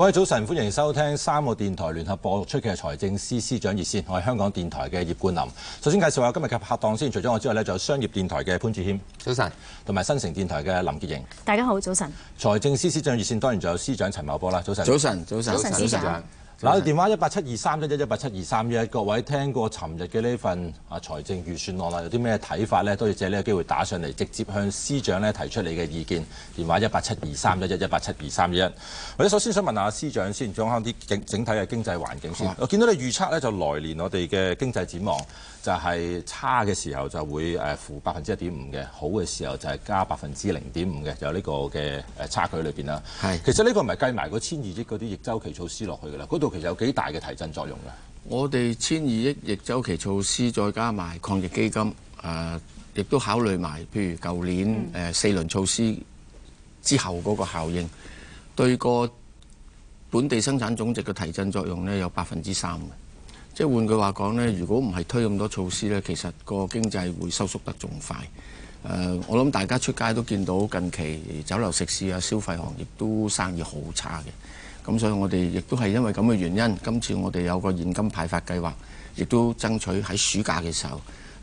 各位早晨，歡迎收聽三個電台聯合播出嘅財政司司長熱線。我係香港電台嘅葉冠霖。首先介紹下今日嘅拍檔，先除咗我之外咧，仲有商業電台嘅潘志謙，早晨；同埋新城電台嘅林潔瑩。大家好，早晨。財政司司長熱線當然仲有司長陳茂波啦。早晨。早晨。早晨。早晨。司長。嗱，電話一八七二三一一一八七二三一一，各位聽過尋日嘅呢份啊財政預算案啦，有啲咩睇法咧？都要借呢個機會打上嚟，直接向司長咧提出你嘅意見。電話一八七二三一一一八七二三一一。或者首先想問下司長先，講下啲整整體嘅經濟環境先、啊。我見到你預測咧，就來年我哋嘅經濟展望。就係、是、差嘅時候就會誒負百分之一點五嘅，好嘅時候就係加百分之零點五嘅，就呢個嘅誒差距裏邊啦。係其實呢個唔係計埋個千二億嗰啲逆周期措施落去㗎啦，嗰度其實有幾大嘅提振作用㗎。我哋千二億逆周期措施再加埋抗疫基金誒，亦、呃、都考慮埋譬如舊年誒、呃、四輪措施之後嗰個效應，對個本地生產總值嘅提振作用咧有百分之三嘅。即換換句話講呢，如果唔係推咁多措施呢，其實個經濟會收縮得仲快。呃，我諗大家出街都見到近期酒樓食肆啊、消費行業都生意好差嘅。咁所以我哋亦都係因為咁嘅原因，今次我哋有個現金派發計劃，亦都爭取喺暑假嘅時候。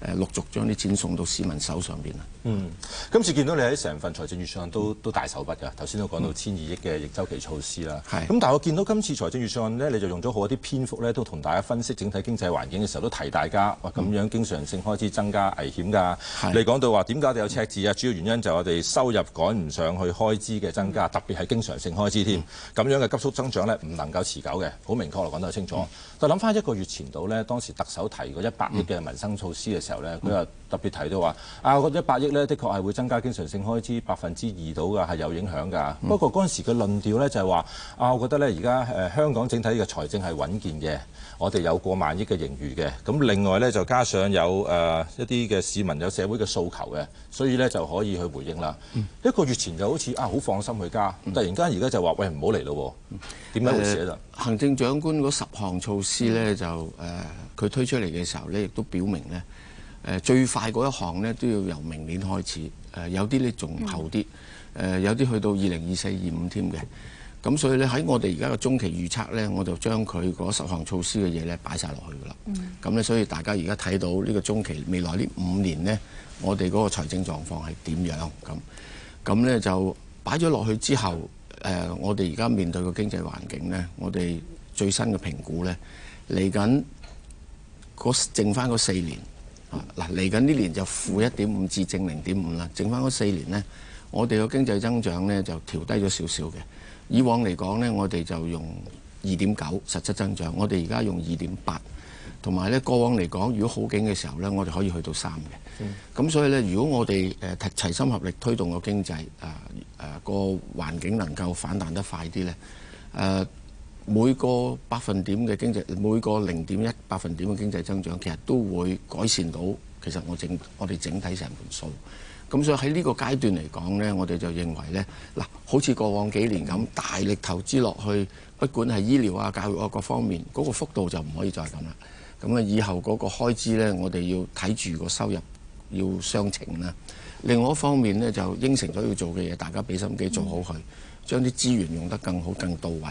誒，陸續將啲錢送到市民手上邊啊。嗯，今次見到你喺成份財政預算案都、嗯、都大手筆㗎，頭先都講到千二億嘅逆周期措施啦。咁但係我見到今次財政預算案呢，你就用咗好一啲篇幅呢，都同大家分析整體經濟環境嘅時候，都提大家咁樣經常性開支增加危險㗎。你講到話點解我哋有赤字啊、嗯？主要原因就係我哋收入趕唔上去開支嘅增加，嗯、特別係經常性開支添。咁、嗯、樣嘅急速增長呢，唔、嗯、能夠持久嘅，好明確我講得清楚。嗯。就諗翻一個月前到呢，當時特首提個一百億嘅民生措施嘅時候呢，佢又特別提到話啊，我覺得一百億呢，的確係會增加經常性開支百分之二到嘅係有影響㗎。不過嗰時時嘅論調呢，就係話啊，我覺得呢，而家香港整體嘅財政係穩健嘅。我哋有過萬億嘅盈餘嘅，咁另外呢，就加上有一啲嘅市民有社會嘅訴求嘅，所以呢就可以去回應啦、嗯。一個月前就好似啊好放心去加，嗯、突然間而家就話喂唔好嚟咯，點解會寫㗎、呃？行政長官嗰十項措施呢，就誒，佢、呃、推出嚟嘅時候呢，亦都表明呢，誒、呃，最快嗰一項呢都要由明年開始，誒、呃、有啲呢仲後啲，誒、嗯呃、有啲去到二零二四二五添嘅。咁所以咧，喺我哋而家嘅中期預測咧，我就將佢嗰十項措施嘅嘢咧擺晒落去㗎喇。咁、嗯、咧，所以大家而家睇到呢個中期未來呢五年呢，我哋嗰個財政狀況係點樣咁？咁咧就擺咗落去之後，嗯呃、我哋而家面對嘅經濟環境呢，我哋最新嘅評估呢，嚟緊嗰剩翻嗰四年啊，嗱，嚟緊呢年就負一點五至正零點五啦。剩翻嗰四年呢，我哋個經濟增長呢，就調低咗少少嘅。嗯以往嚟講呢，我哋就用二點九實質增長，我哋而家用二點八，同埋呢過往嚟講，如果好景嘅時候呢，我哋可以去到三嘅。咁所以呢，如果我哋誒、呃、齊心合力推動個經濟，誒誒個環境能夠反彈得快啲呢，誒、呃、每個百分點嘅經濟，每個零點一百分點嘅經濟增長，其實都會改善到。其實我整我哋整，整體成本數。咁所以喺呢個階段嚟講咧，我哋就認為咧，嗱，好似過往幾年咁，大力投資落去，不管係醫療啊、教育啊各方面，嗰個幅度就唔可以再咁啦。咁啊，以後嗰個開支咧，我哋要睇住個收入要相稱啦。另外一方面咧，就應承咗要做嘅嘢，大家俾心機做好佢，將啲資源用得更好、更到位。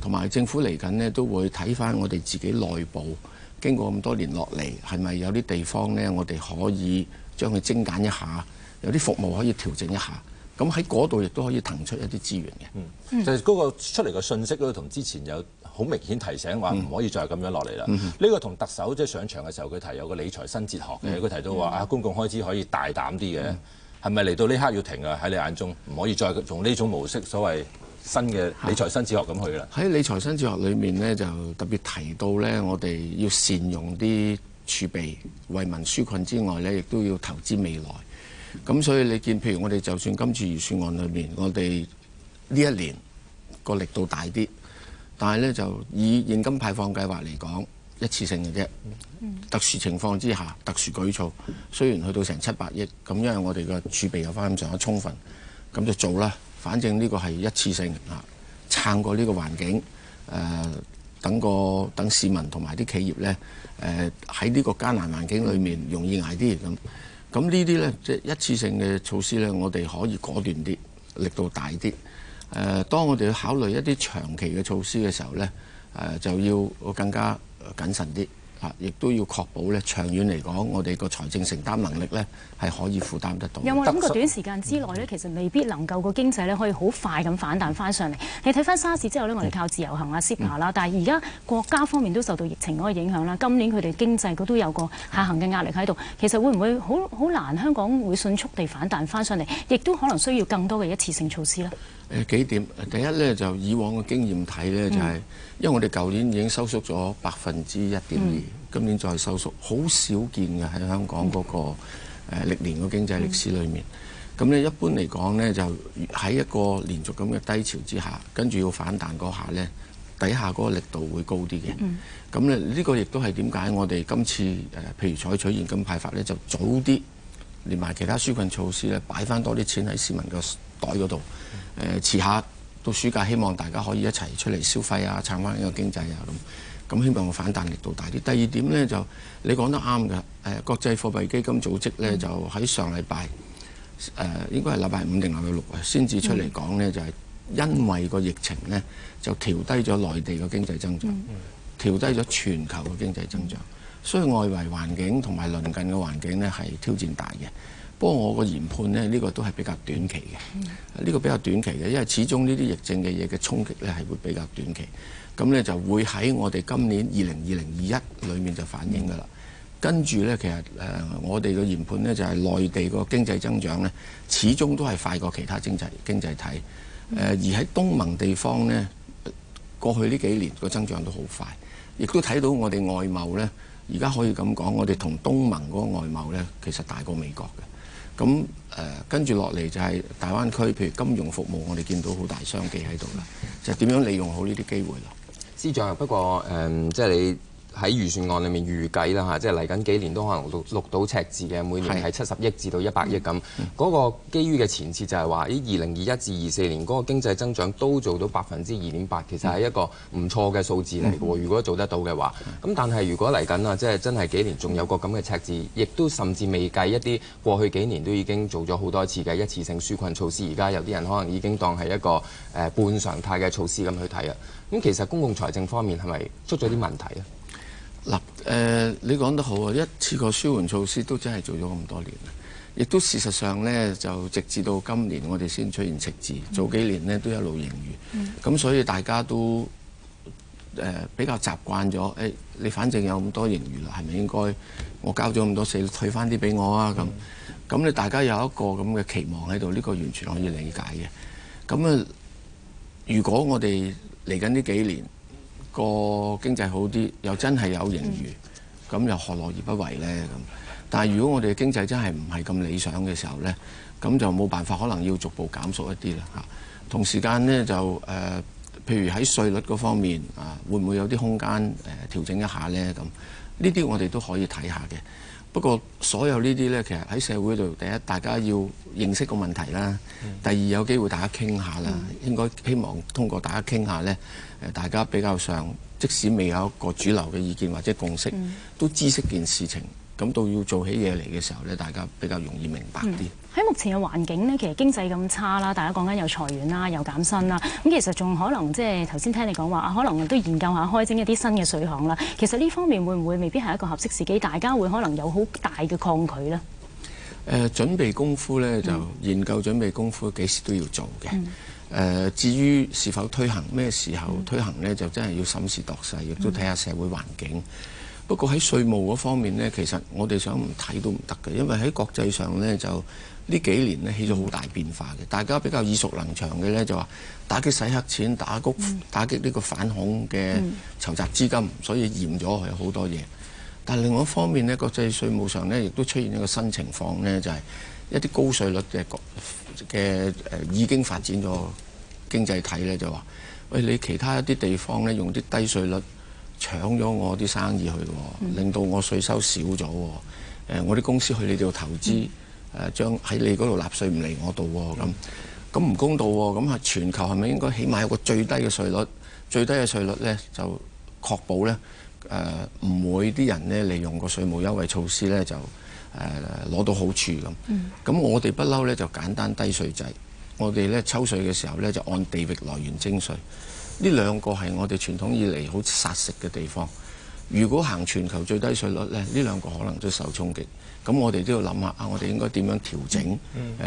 同埋政府嚟緊咧，都會睇翻我哋自己內部經過咁多年落嚟，係咪有啲地方咧，我哋可以將佢精簡一下。有啲服務可以調整一下，咁喺嗰度亦都可以騰出一啲資源嘅、嗯。就係、是、嗰個出嚟嘅信息咧，同之前有好明顯提醒話唔可以再咁樣落嚟啦。呢、嗯這個同特首即係、就是、上場嘅時候，佢提有個理財新哲學嘅，佢、嗯、提到話啊，公共開支可以大膽啲嘅，係咪嚟到呢刻要停啊？喺你眼中唔可以再用呢種模式，所謂新嘅理財新哲學咁去啦。喺、啊、理財新哲學裏面咧，就特別提到咧，我哋要善用啲儲備為民紓困之外咧，亦都要投資未來。咁所以你見，譬如我哋就算今次預算案裏面，我哋呢一年個力度大啲，但係呢就以現金派放計劃嚟講，一次性嘅啫。嗯。特殊情況之下，特殊舉措，雖然去到成七百億，咁因為我哋嘅儲備有翻咁上下充分，咁就做啦。反正呢個係一次性嚇，撐過呢個環境，誒、呃、等個等市民同埋啲企業呢，誒喺呢個艱難環境裏面容易捱啲咁。咁呢啲呢，即一次性嘅措施呢，我哋可以果斷啲，力度大啲。誒，當我哋要考慮一啲長期嘅措施嘅時候呢，誒就要更加謹慎啲。啊！亦都要確保咧，長遠嚟講，我哋個財政承擔能力咧係可以負擔得到的。有冇諗過短時間之內咧，其實未必能夠個經濟咧可以好快咁反彈翻上嚟？你睇翻沙士之後咧，我哋靠自由行啊、CEPA 啦、嗯，但係而家國家方面都受到疫情嗰個影響啦。今年佢哋經濟都有個下行嘅壓力喺度。其實會唔會好好難？香港會迅速地反彈翻上嚟？亦都可能需要更多嘅一次性措施咧、呃。幾點？第一咧就以往嘅經驗睇咧就係、是。嗯因為我哋舊年已經收縮咗百分之一點二、嗯，今年再收縮，好少見嘅喺香港嗰個誒歷年嘅經濟歷史裏面。咁、嗯、咧一般嚟講咧，就喺一個連續咁嘅低潮之下，跟住要反彈嗰下咧，底下嗰個力度會高啲嘅。咁咧，呢個亦都係點解我哋今次誒譬如採取現金派發咧，就早啲連埋其他紓困措施咧，擺翻多啲錢喺市民個袋嗰度，誒、呃、遲下。到暑假，希望大家可以一齊出嚟消費啊，撐翻呢個經濟啊，咁咁希望個反彈力度大啲。第二點呢，就你講得啱嘅誒國際貨幣基金組織呢，嗯、就喺上禮拜誒應該係禮拜五定禮拜六啊，先至出嚟講呢，嗯、就係、是、因為個疫情呢，就調低咗內地嘅經濟增長，調、嗯、低咗全球嘅經濟增長，所以外圍環境同埋鄰近嘅環境呢，係挑戰大嘅。嗯嗯不過，我個研判呢，呢、呢個都係比較短期嘅。呢、呢個比較短期嘅，因為始終呢啲疫症嘅嘢嘅衝擊呢係會比較短期。咁呢就會喺我哋今年二零二零二一裡面就反映㗎啦。跟住呢，其實、呃、我哋嘅研判呢，就係、係、內地個經濟增長呢，始終都係快過其他經濟經濟體。呃、而喺東盟地方呢，過去呢幾年個增長都好快，亦都睇到我哋外貿呢，而家可以咁講，我哋同東盟嗰個外貿呢，其實大過美國嘅。咁誒跟住落嚟就係大灣區，譬如金融服務，我哋見到好大商機喺度啦，就點樣利用好呢啲機會咯。司長，不過，嗯，即係你。喺預算案裡面預計啦，嚇，即係嚟緊幾年都可能錄到赤字嘅，每年係七十億至到一百億咁。嗰、那個基於嘅前設就係話，二零二一至二四年嗰、那個經濟增長都做到百分之二點八，其實係一個唔錯嘅數字嚟喎。如果做得到嘅話，咁但係如果嚟緊啊，即係真係幾年仲有一個咁嘅赤字，亦都甚至未計一啲過去幾年都已經做咗好多次嘅一次性紓困措施。而家有啲人可能已經當係一個誒、呃、半常態嘅措施咁去睇啊。咁其實公共財政方面係咪出咗啲問題咧？嗱、呃，你講得好啊！一次過舒緩措施都真係做咗咁多年啦，亦都事實上咧，就直至到今年我哋先出現赤字，早幾年咧都一路盈餘。咁、嗯、所以大家都、呃、比較習慣咗，誒、哎，你反正有咁多盈餘啦，係咪應該我交咗咁多稅，退翻啲俾我啊？咁、嗯，咁你大家有一個咁嘅期望喺度，呢、呢個完全可以理解嘅。咁啊，如果我哋嚟緊呢幾年，個經濟好啲，又真係有盈餘，咁、嗯、又何樂而不為呢？咁但係如果我哋嘅經濟真係唔係咁理想嘅時候呢，咁就冇辦法，可能要逐步減縮一啲啦、嚇。同時間呢，就、呃、譬如喺稅率嗰方面啊，會唔會有啲空間誒調整一下呢？咁呢啲我哋都可以睇下嘅。不過所有呢啲呢，其實喺社會度第一大家要認識個問題啦，嗯、第二有機會大家傾下啦，嗯、應該希望通過大家傾下呢。誒，大家比較上，即使未有一個主流嘅意見或者共識，嗯、都知悉件事情，咁到要做起嘢嚟嘅時候咧，大家比較容易明白啲。喺、嗯、目前嘅環境咧，其實經濟咁差啦，大家講緊又裁員啦，又減薪啦，咁其實仲可能即係頭先聽你講話啊，可能都研究下開徵一啲新嘅稅項啦。其實呢方面會唔會未必係一個合適時機？大家會可能有好大嘅抗拒呢。誒、呃，準備功夫咧就、嗯、研究準備功夫，幾時都要做嘅。嗯誒、呃，至於是否推行，咩時候推行呢？就真係要審時度勢，亦都睇下社會環境。嗯、不過喺稅務嗰方面呢，其實我哋想唔睇都唔得嘅，因為喺國際上呢，就呢幾年呢起咗好大變化嘅。大家比較耳熟能詳嘅呢，就話打擊洗黑錢、打擊打擊呢個反恐嘅籌集資金，所以嚴咗係好多嘢。但另外一方面呢，國際稅務上呢，亦都出現一個新情況呢就係、是、一啲高稅率嘅嘅、呃、已經發展咗經濟體呢就話，喂，你其他一啲地方呢，用啲低稅率搶咗我啲生意去，嗯、令到我稅收少咗，喎、呃。我啲公司去你度投資，嗯、將喺你嗰度納稅唔嚟我度喎，咁、嗯，咁唔公道喎、哦，咁啊，全球係咪應該起碼有個最低嘅稅率？最低嘅稅率呢，就確保呢。」誒、呃、唔會啲人呢，利用個稅務優惠措施呢，就攞、呃、到好處咁。咁、嗯、我哋不嬲呢，就簡單低稅制，我哋呢，抽稅嘅時候呢，就按地域來源徵稅。呢兩個係我哋傳統以嚟好殺食嘅地方。如果行全球最低稅率呢，呢兩個可能都受衝擊。咁我哋都要諗下啊，我哋應該點樣調整，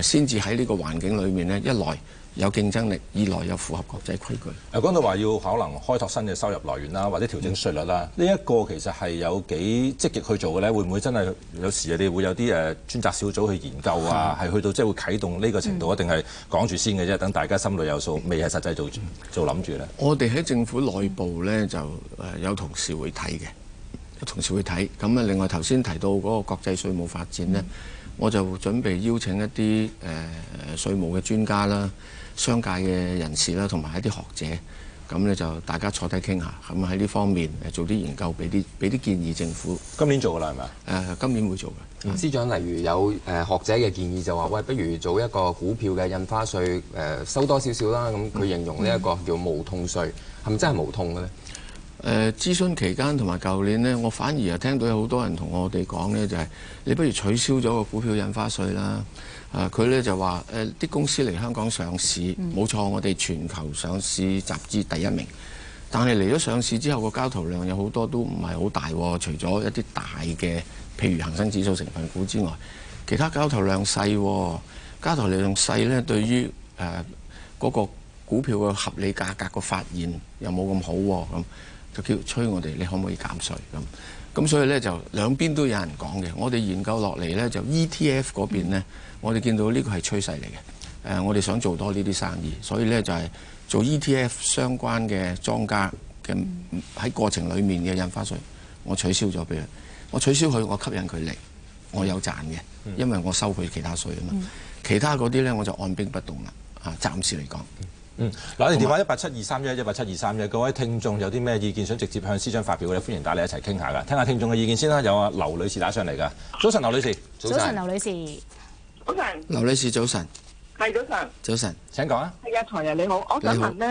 先至喺呢個環境裏面呢，一來。有競爭力，二來又符合國際規矩。誒，講到話要可能開拓新嘅收入來源啦，或者調整稅率啦，呢一個其實係有幾積極去做嘅咧。會唔會真係有時你會有啲誒專責小組去研究啊？係去到即係會啟動呢個程度，一定係講住先嘅啫？等大家心裏有數，未係實際做做諗住咧。我哋喺政府內部咧就誒有同事會睇嘅，有同事會睇。咁啊，另外頭先提到嗰個國際稅務發展咧、嗯，我就準備邀請一啲誒稅務嘅專家啦。商界嘅人士啦，同埋一啲學者，咁咧就大家坐低傾下，咁喺呢方面誒做啲研究，俾啲俾啲建議政府。今年做啦，係咪啊？誒，今年會做嘅、嗯。司長例如有誒、呃、學者嘅建議就話：喂，不如做一個股票嘅印花稅誒、呃、收多少少啦。咁佢形容呢一個叫無痛稅，係、嗯、咪真係無痛嘅咧？誒、呃，諮詢期間同埋舊年咧，我反而係聽到有好多人同我哋講咧，就係、是、你不如取消咗個股票印花稅啦。啊！佢咧就話誒，啲、呃、公司嚟香港上市，冇錯，我哋全球上市集資第一名。但係嚟咗上市之後，個交投量有好多都唔係好大、哦，除咗一啲大嘅，譬如恒生指數成分股之外，其他交投量細、哦，交投量細咧，對於嗰、呃嗰個股票嘅合理價格嘅發現又冇咁好喎、哦，咁就叫催我哋，你可唔可以減稅咁？咁所以咧就兩邊都有人講嘅。我哋研究落嚟咧就 E T F 嗰邊咧，我哋見到呢個係趨勢嚟嘅。呃，我哋想做多呢啲生意，所以咧就係、是、做 E T F 相關嘅莊家嘅喺過程裡面嘅印花稅，我取消咗俾佢。我取消佢，我吸引佢嚟，我有賺嘅，因為我收佢其他稅啊嘛。其他嗰啲咧我就按兵不動啦，啊，暫時嚟講。嗯，攞條電話一八七二三一一八七二三一，各位聽眾有啲咩意見想直接向司長發表嘅，歡迎打嚟一齊傾下噶，聽下聽眾嘅意見先啦。有啊，劉女士打上嚟噶。早晨，劉女士。早晨，劉女士。早晨，劉女士，早。早晨。係，早晨。早晨。請講啊。係啊，財爺你好，我想問咧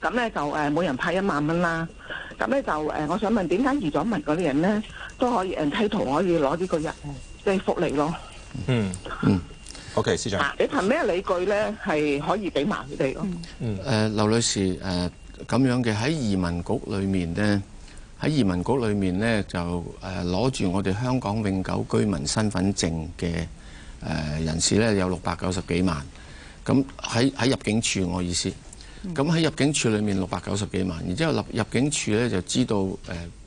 誒，咁咧、呃、就誒、呃、每人派一萬蚊啦。咁咧就誒、呃，我想問點解移咗民嗰啲人咧都可以誒梯圖可以攞呢個嘅即係福利咯。嗯。嗯。OK，司長。嗱，你憑咩理據咧？係可以俾埋佢哋咯。嗯。誒、嗯呃，劉女士誒咁、呃、樣嘅喺移民局裏面咧，喺移民局裏面咧就誒攞住我哋香港永久居民身份證嘅誒、呃、人士咧，有六百九十幾萬。咁喺喺入境處，我意思。咁、嗯、喺入境處裏面六百九十幾萬，然之後入入境處咧就知道誒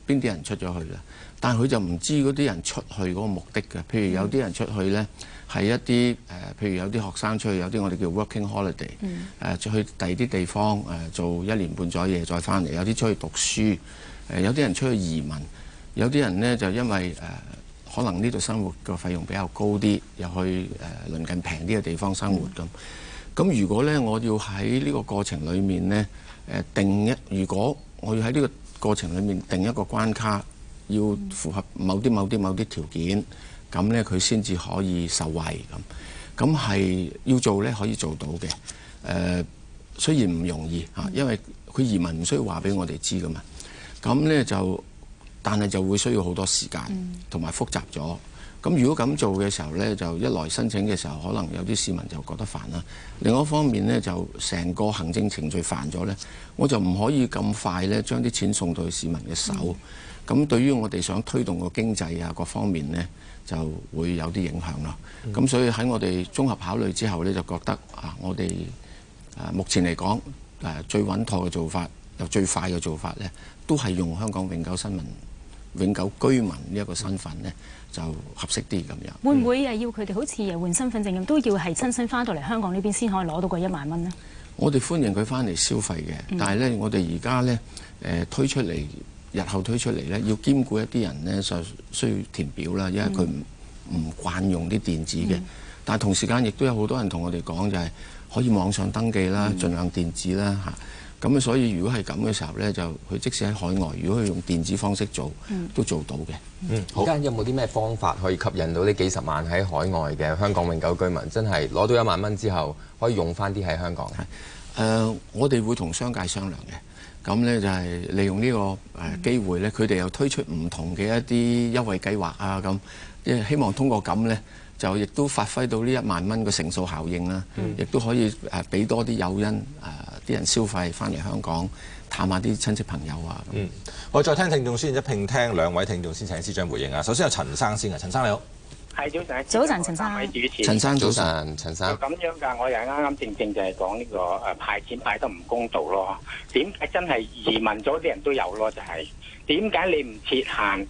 邊啲人出咗去啦。但係佢就唔知嗰啲人出去嗰個目的嘅。譬如有啲人出去咧。嗯呢係一啲誒、呃，譬如有啲學生出去，有啲我哋叫 working holiday，誒、嗯呃、去第二啲地方誒、呃、做一年半載嘢再翻嚟，有啲出去讀書，誒、呃、有啲人出去移民，有啲人呢就因為誒、呃、可能呢度生活嘅費用比較高啲，又去誒、呃、鄰近平啲嘅地方生活咁。咁、嗯、如果呢，我要喺呢個過程裡面呢誒、呃、定一，如果我要喺呢個過程裡面定一個關卡，要符合某啲某啲某啲條件。咁呢，佢先至可以受惠咁。咁係要做呢，可以做到嘅。誒、呃，雖然唔容易、嗯、因為佢移民唔需要話俾我哋知㗎嘛。咁呢，就，嗯、但係就會需要好多時間同埋、嗯、複雜咗。咁如果咁做嘅時候呢，就一來申請嘅時候，可能有啲市民就覺得煩啦。另外一方面呢，就成個行政程序煩咗呢，我就唔可以咁快呢將啲錢送到去市民嘅手。咁、嗯、對於我哋想推動個經濟啊各方面呢。就會有啲影響啦。咁所以喺我哋綜合考慮之後咧，就覺得啊，我哋目前嚟講誒最穩妥嘅做法，又最快嘅做法咧，都係用香港永久新聞永久居民呢一個身份呢，就合適啲咁樣。會唔會係要佢哋好似換身份證咁，都要係親身翻到嚟香港呢邊先可以攞到個一萬蚊呢？我哋歡迎佢翻嚟消費嘅，但係呢，我哋而家呢、呃、推出嚟。日後推出嚟呢，要兼顧一啲人呢，就需要填表啦，因為佢唔唔慣用啲電子嘅、嗯。但係同時間亦都有好多人同我哋講就係可以網上登記啦、嗯，盡量電子啦嚇。咁所以如果係咁嘅時候呢，就佢即使喺海外，如果佢用電子方式做，嗯、都做到嘅。而、嗯、家有冇啲咩方法可以吸引到呢幾十萬喺海外嘅香港永久居民，真係攞到一萬蚊之後可以用翻啲喺香港嘅、呃？我哋會同商界商量嘅。咁咧就係利用呢個誒機會咧，佢哋又推出唔同嘅一啲優惠計劃啊，咁即係希望通過咁咧，就亦都發揮到呢一萬蚊嘅乘數效應啦，嗯，亦都可以畀俾多啲誘因啲人消費翻嚟香港探下啲親戚朋友啊。嗯，我再聽聽眾先一併聽兩位聽眾先請司長回應啊。首先有陳生先啊，陳生你好。係早晨，早晨，陳生，陳生，早晨，陳生。咁樣噶，我又啱啱正正就係講呢個誒派錢派得唔公道咯。點解真係移民咗啲人都有咯？就係點解你唔設限？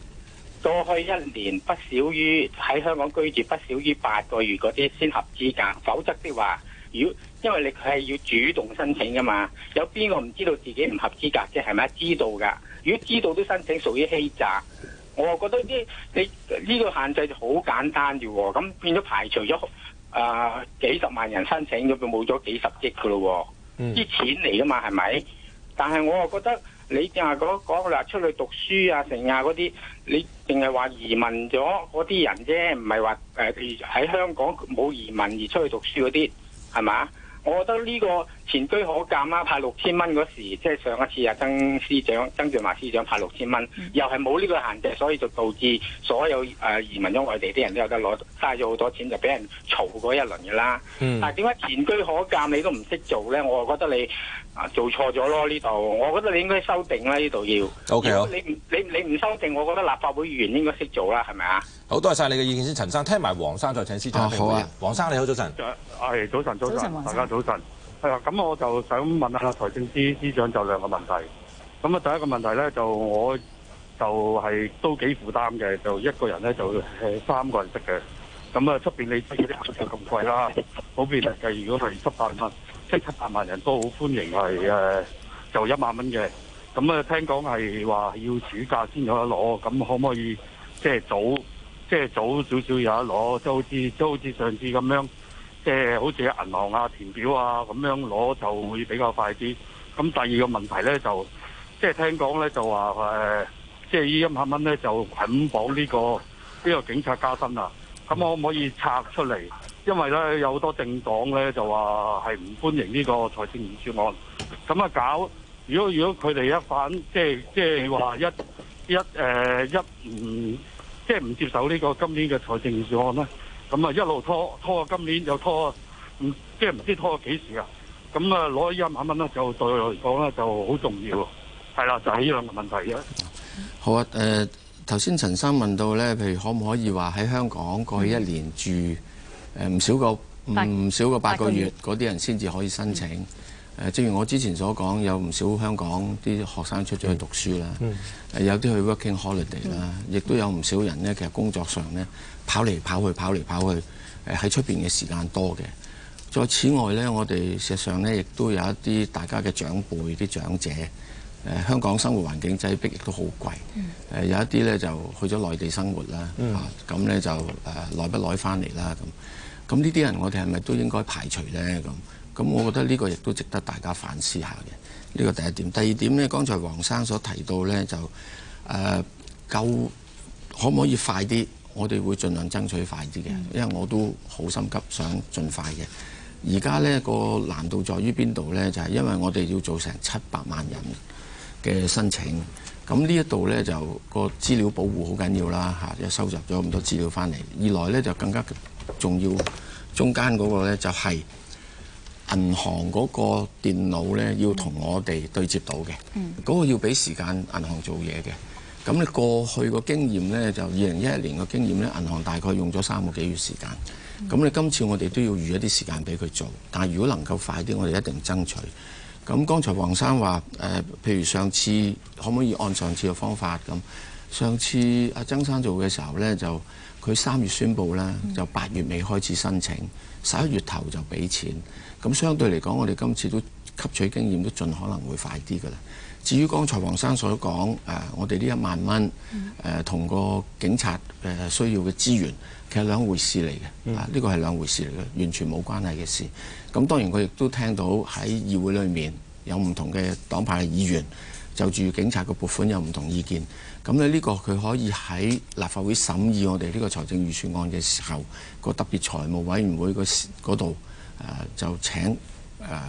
過去一年不少於喺香港居住不少於八個月嗰啲先合資格，否則的話，如果因為你佢係要主動申請噶嘛，有邊個唔知道自己唔合資格啫？係咪？知道噶，如果知道都申請，屬於欺詐。我又覺得啲你呢、這個限制就好簡單嘅喎、哦，咁變咗排除咗啊、呃、幾十萬人申請，咁就冇咗幾十億嘅咯。啲、嗯、錢嚟嘅嘛係咪？但係我又覺得你淨係講講啦，出去讀書啊剩啊嗰啲，你淨係話移民咗嗰啲人啫，唔係話誒喺香港冇移民而出去讀書嗰啲係咪？我覺得呢、這個。前居可鑑啦，啊，派六千蚊嗰時，即係上一次啊，曾司長、曾俊華司長派六千蚊，又係冇呢個限制，所以就導致所有誒、呃、移民咗外地啲人都有得攞，嘥咗好多錢，就俾人嘈過一輪嘅啦。嗯，但係點解前居可鑑你都唔識做咧？我覺得你啊做錯咗咯呢度，我覺得你應該修訂啦呢度要。O K，好。你你你唔修訂，我覺得立法會議員應該識做啦，係咪啊？好多謝晒你嘅意見先，陳先生聽埋黃生再請司長你、啊。好啊，黃生你好，早晨。係早，早，早晨，早晨，大家早晨。啦、啊，咁我就想問下財政司司長就兩個問題。咁啊，第一個問題咧就我就係都幾負擔嘅，就一個人咧就係三個人識嘅。咁啊出面你，你知嗰啲票價咁貴啦，普遍嚟計如果係七百蚊，即七百萬人都好歡迎係，誒就一萬蚊嘅。咁啊聽講係話要暑假先有得攞，咁可唔可以即係早即係、就是、早少少有得攞，即好似就好似上次咁樣。即、就、係、是、好似銀行啊、填表啊咁樣攞就會比較快啲。咁第二個問題咧就，即係聽講咧就話、呃、即係呢一萬蚊咧就捆綁呢個呢、呢個警察加薪啦、啊。咁可唔可以拆出嚟？因為咧有好多政黨咧就話係唔歡迎呢個財政預算案。咁啊搞，如果如果佢哋一反即係即係話一一誒、呃、一唔即係唔接受呢個今年嘅財政預算案咧？咁啊，一路拖拖到今年又拖，即係唔知拖到幾時啊！咁啊，攞一萬蚊咧，就對我嚟講咧，就好重要。係啦，就係呢兩個問題。好啊，呃、頭先陳生問到咧，譬如可唔可以話喺香港過去一年住誒唔少個唔、嗯嗯、少個八個月，嗰啲人先至可以申請？誒、嗯，正如我之前所講，有唔少香港啲學生出咗去讀書啦、嗯，有啲去 working holiday 啦、嗯，亦都有唔少人咧，其實工作上咧。跑嚟跑去，跑嚟跑去，誒喺出邊嘅時間多嘅。再此外呢，我哋事實上呢，亦都有一啲大家嘅長輩、啲長者，誒、呃、香港生活環境擠逼，亦都好貴。有一啲呢，就去咗內地生活啦，嚇咁呢就誒、呃、耐不耐翻嚟啦。咁咁呢啲人，我哋係咪都應該排除呢？咁咁，我覺得呢個亦都值得大家反思下嘅。呢、呢個第一點，第二點呢，剛才黃生所提到呢，就誒、呃、夠可唔可以快啲？我哋會盡量爭取快啲嘅，因為我都好心急，想盡快嘅。而家呢個難度在於邊度呢？就係因為我哋要做成七百萬人嘅申請，咁呢一度呢，就個資料保護好緊要啦嚇，一、啊、收集咗咁多資料翻嚟，二來呢就更加重要。中間嗰個呢就係銀行嗰個電腦呢要同我哋對接到嘅，嗰、嗯嗰個要俾時間銀行做嘢嘅。咁你過去個經驗呢，就二零一一年個經驗呢，銀行大概用咗三個幾月時間。咁你今次我哋都要預一啲時間俾佢做，但係如果能夠快啲，我哋一定爭取。咁剛才黃生話、呃、譬如上次可唔可以按上次嘅方法咁？上次阿曾生做嘅時候呢，就佢三月宣佈呢，就八月尾開始申請，十一月頭就俾錢。咁相對嚟講，我哋今次都吸取經驗，都盡可能會快啲㗎啦。至於剛才黃生所講，誒我哋呢一萬蚊，誒、呃、同個警察誒、呃、需要嘅資源，其實兩回事嚟嘅、嗯，啊呢、呢個係兩回事嚟嘅，完全冇關係嘅事。咁當然佢亦都聽到喺議會裏面有唔同嘅黨派嘅議員就住警察個撥款有唔同意見。咁咧呢個佢可以喺立法會審議我哋呢個財政預算案嘅時候，個特別財務委員會嗰度誒就請誒、呃、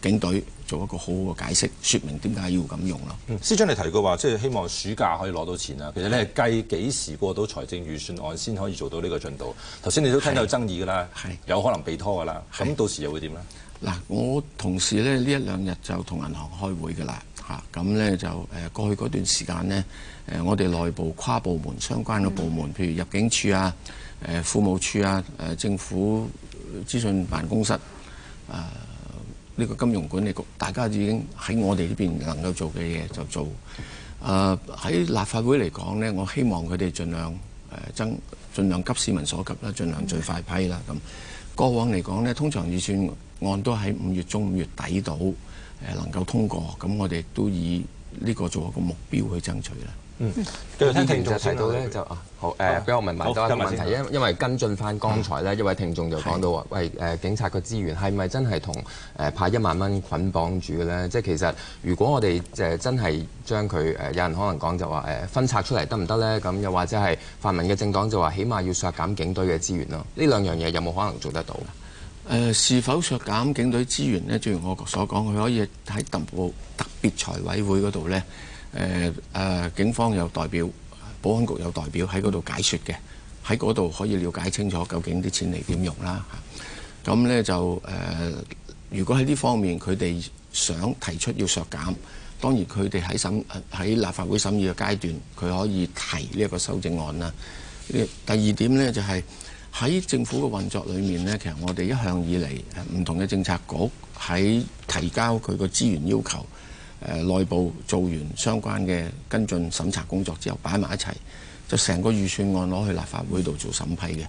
警隊。做一個好好嘅解釋，說明點解要咁用咯。嗯，司長你提過話，即係希望暑假可以攞到錢啊。其實你係計幾時過到財政預算案先可以做到呢個進度？頭先你都聽到有爭議㗎啦，係有可能被拖㗎啦。咁到時又會點咧？嗱，我同事咧呢這一兩日就同銀行開會㗎啦。嚇、啊，咁咧就誒過去嗰段時間咧，誒我哋內部跨部門相關嘅部門、嗯，譬如入境處啊、誒服務處啊、誒、啊、政府資訊辦公室啊。呢個金融管理局，大家已經喺我哋呢邊能夠做嘅嘢就做。誒、呃、喺立法會嚟講呢，我希望佢哋儘量誒爭，儘量急市民所急啦，儘量最快批啦。咁過往嚟講呢，通常預算案都喺五月中、五月底到誒、呃、能夠通過。咁我哋都以呢個做一個目標去爭取啦。嗯，跟住啲聽眾就提到咧就啊，啊，好誒，俾、呃、我問問多一個問題，因因為跟進翻剛才咧、嗯、一位聽眾就講到話，喂誒、呃，警察嘅資源係咪真係同誒派一萬蚊捆綁住嘅咧？即係其實如果我哋誒真係將佢誒有人可能講就話誒、呃、分拆出嚟得唔得咧？咁又或者係泛民嘅政黨就話起碼要削減警隊嘅資源咯？呢兩樣嘢有冇可能做得到？誒、呃，是否削減警隊資源咧？正如我所講，佢可以喺特特別財委會嗰度咧。誒誒，警方有代表，保安局有代表喺嗰度解說嘅，喺嗰度可以了解清楚究竟啲錢嚟點用啦吓。咁咧就誒、呃、如果喺呢方面佢哋想提出要削減，當然佢哋喺審喺立法會審議嘅階段，佢可以提呢一個修正案啦。第二點咧就係、是、喺政府嘅運作裏面咧，其實我哋一向以嚟唔同嘅政策局喺提交佢個資源要求。誒內部做完相關嘅跟進審查工作之後，擺埋一齊，就成個預算案攞去立法會度做審批嘅。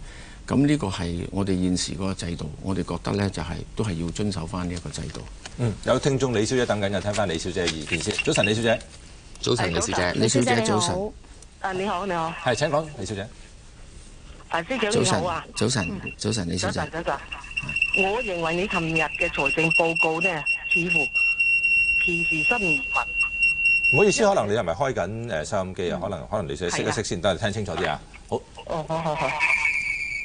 咁呢個係我哋現時嗰個制度，我哋覺得咧就係、是、都係要遵守翻呢一個制度。嗯，有聽眾李小姐等緊，就聽翻李小姐嘅意見先。早晨，李小姐。早晨，李小姐。李小姐，早晨、啊。你好，你好。係，請講、啊啊嗯，李小姐。早晨。早晨，早晨，李小姐。我認為你琴日嘅財政報告呢，似乎歧視新移民，唔好意思，可能你係咪開緊誒收音機啊？可能可能你熄一熄先，等陣聽清楚啲啊！好哦，好好好，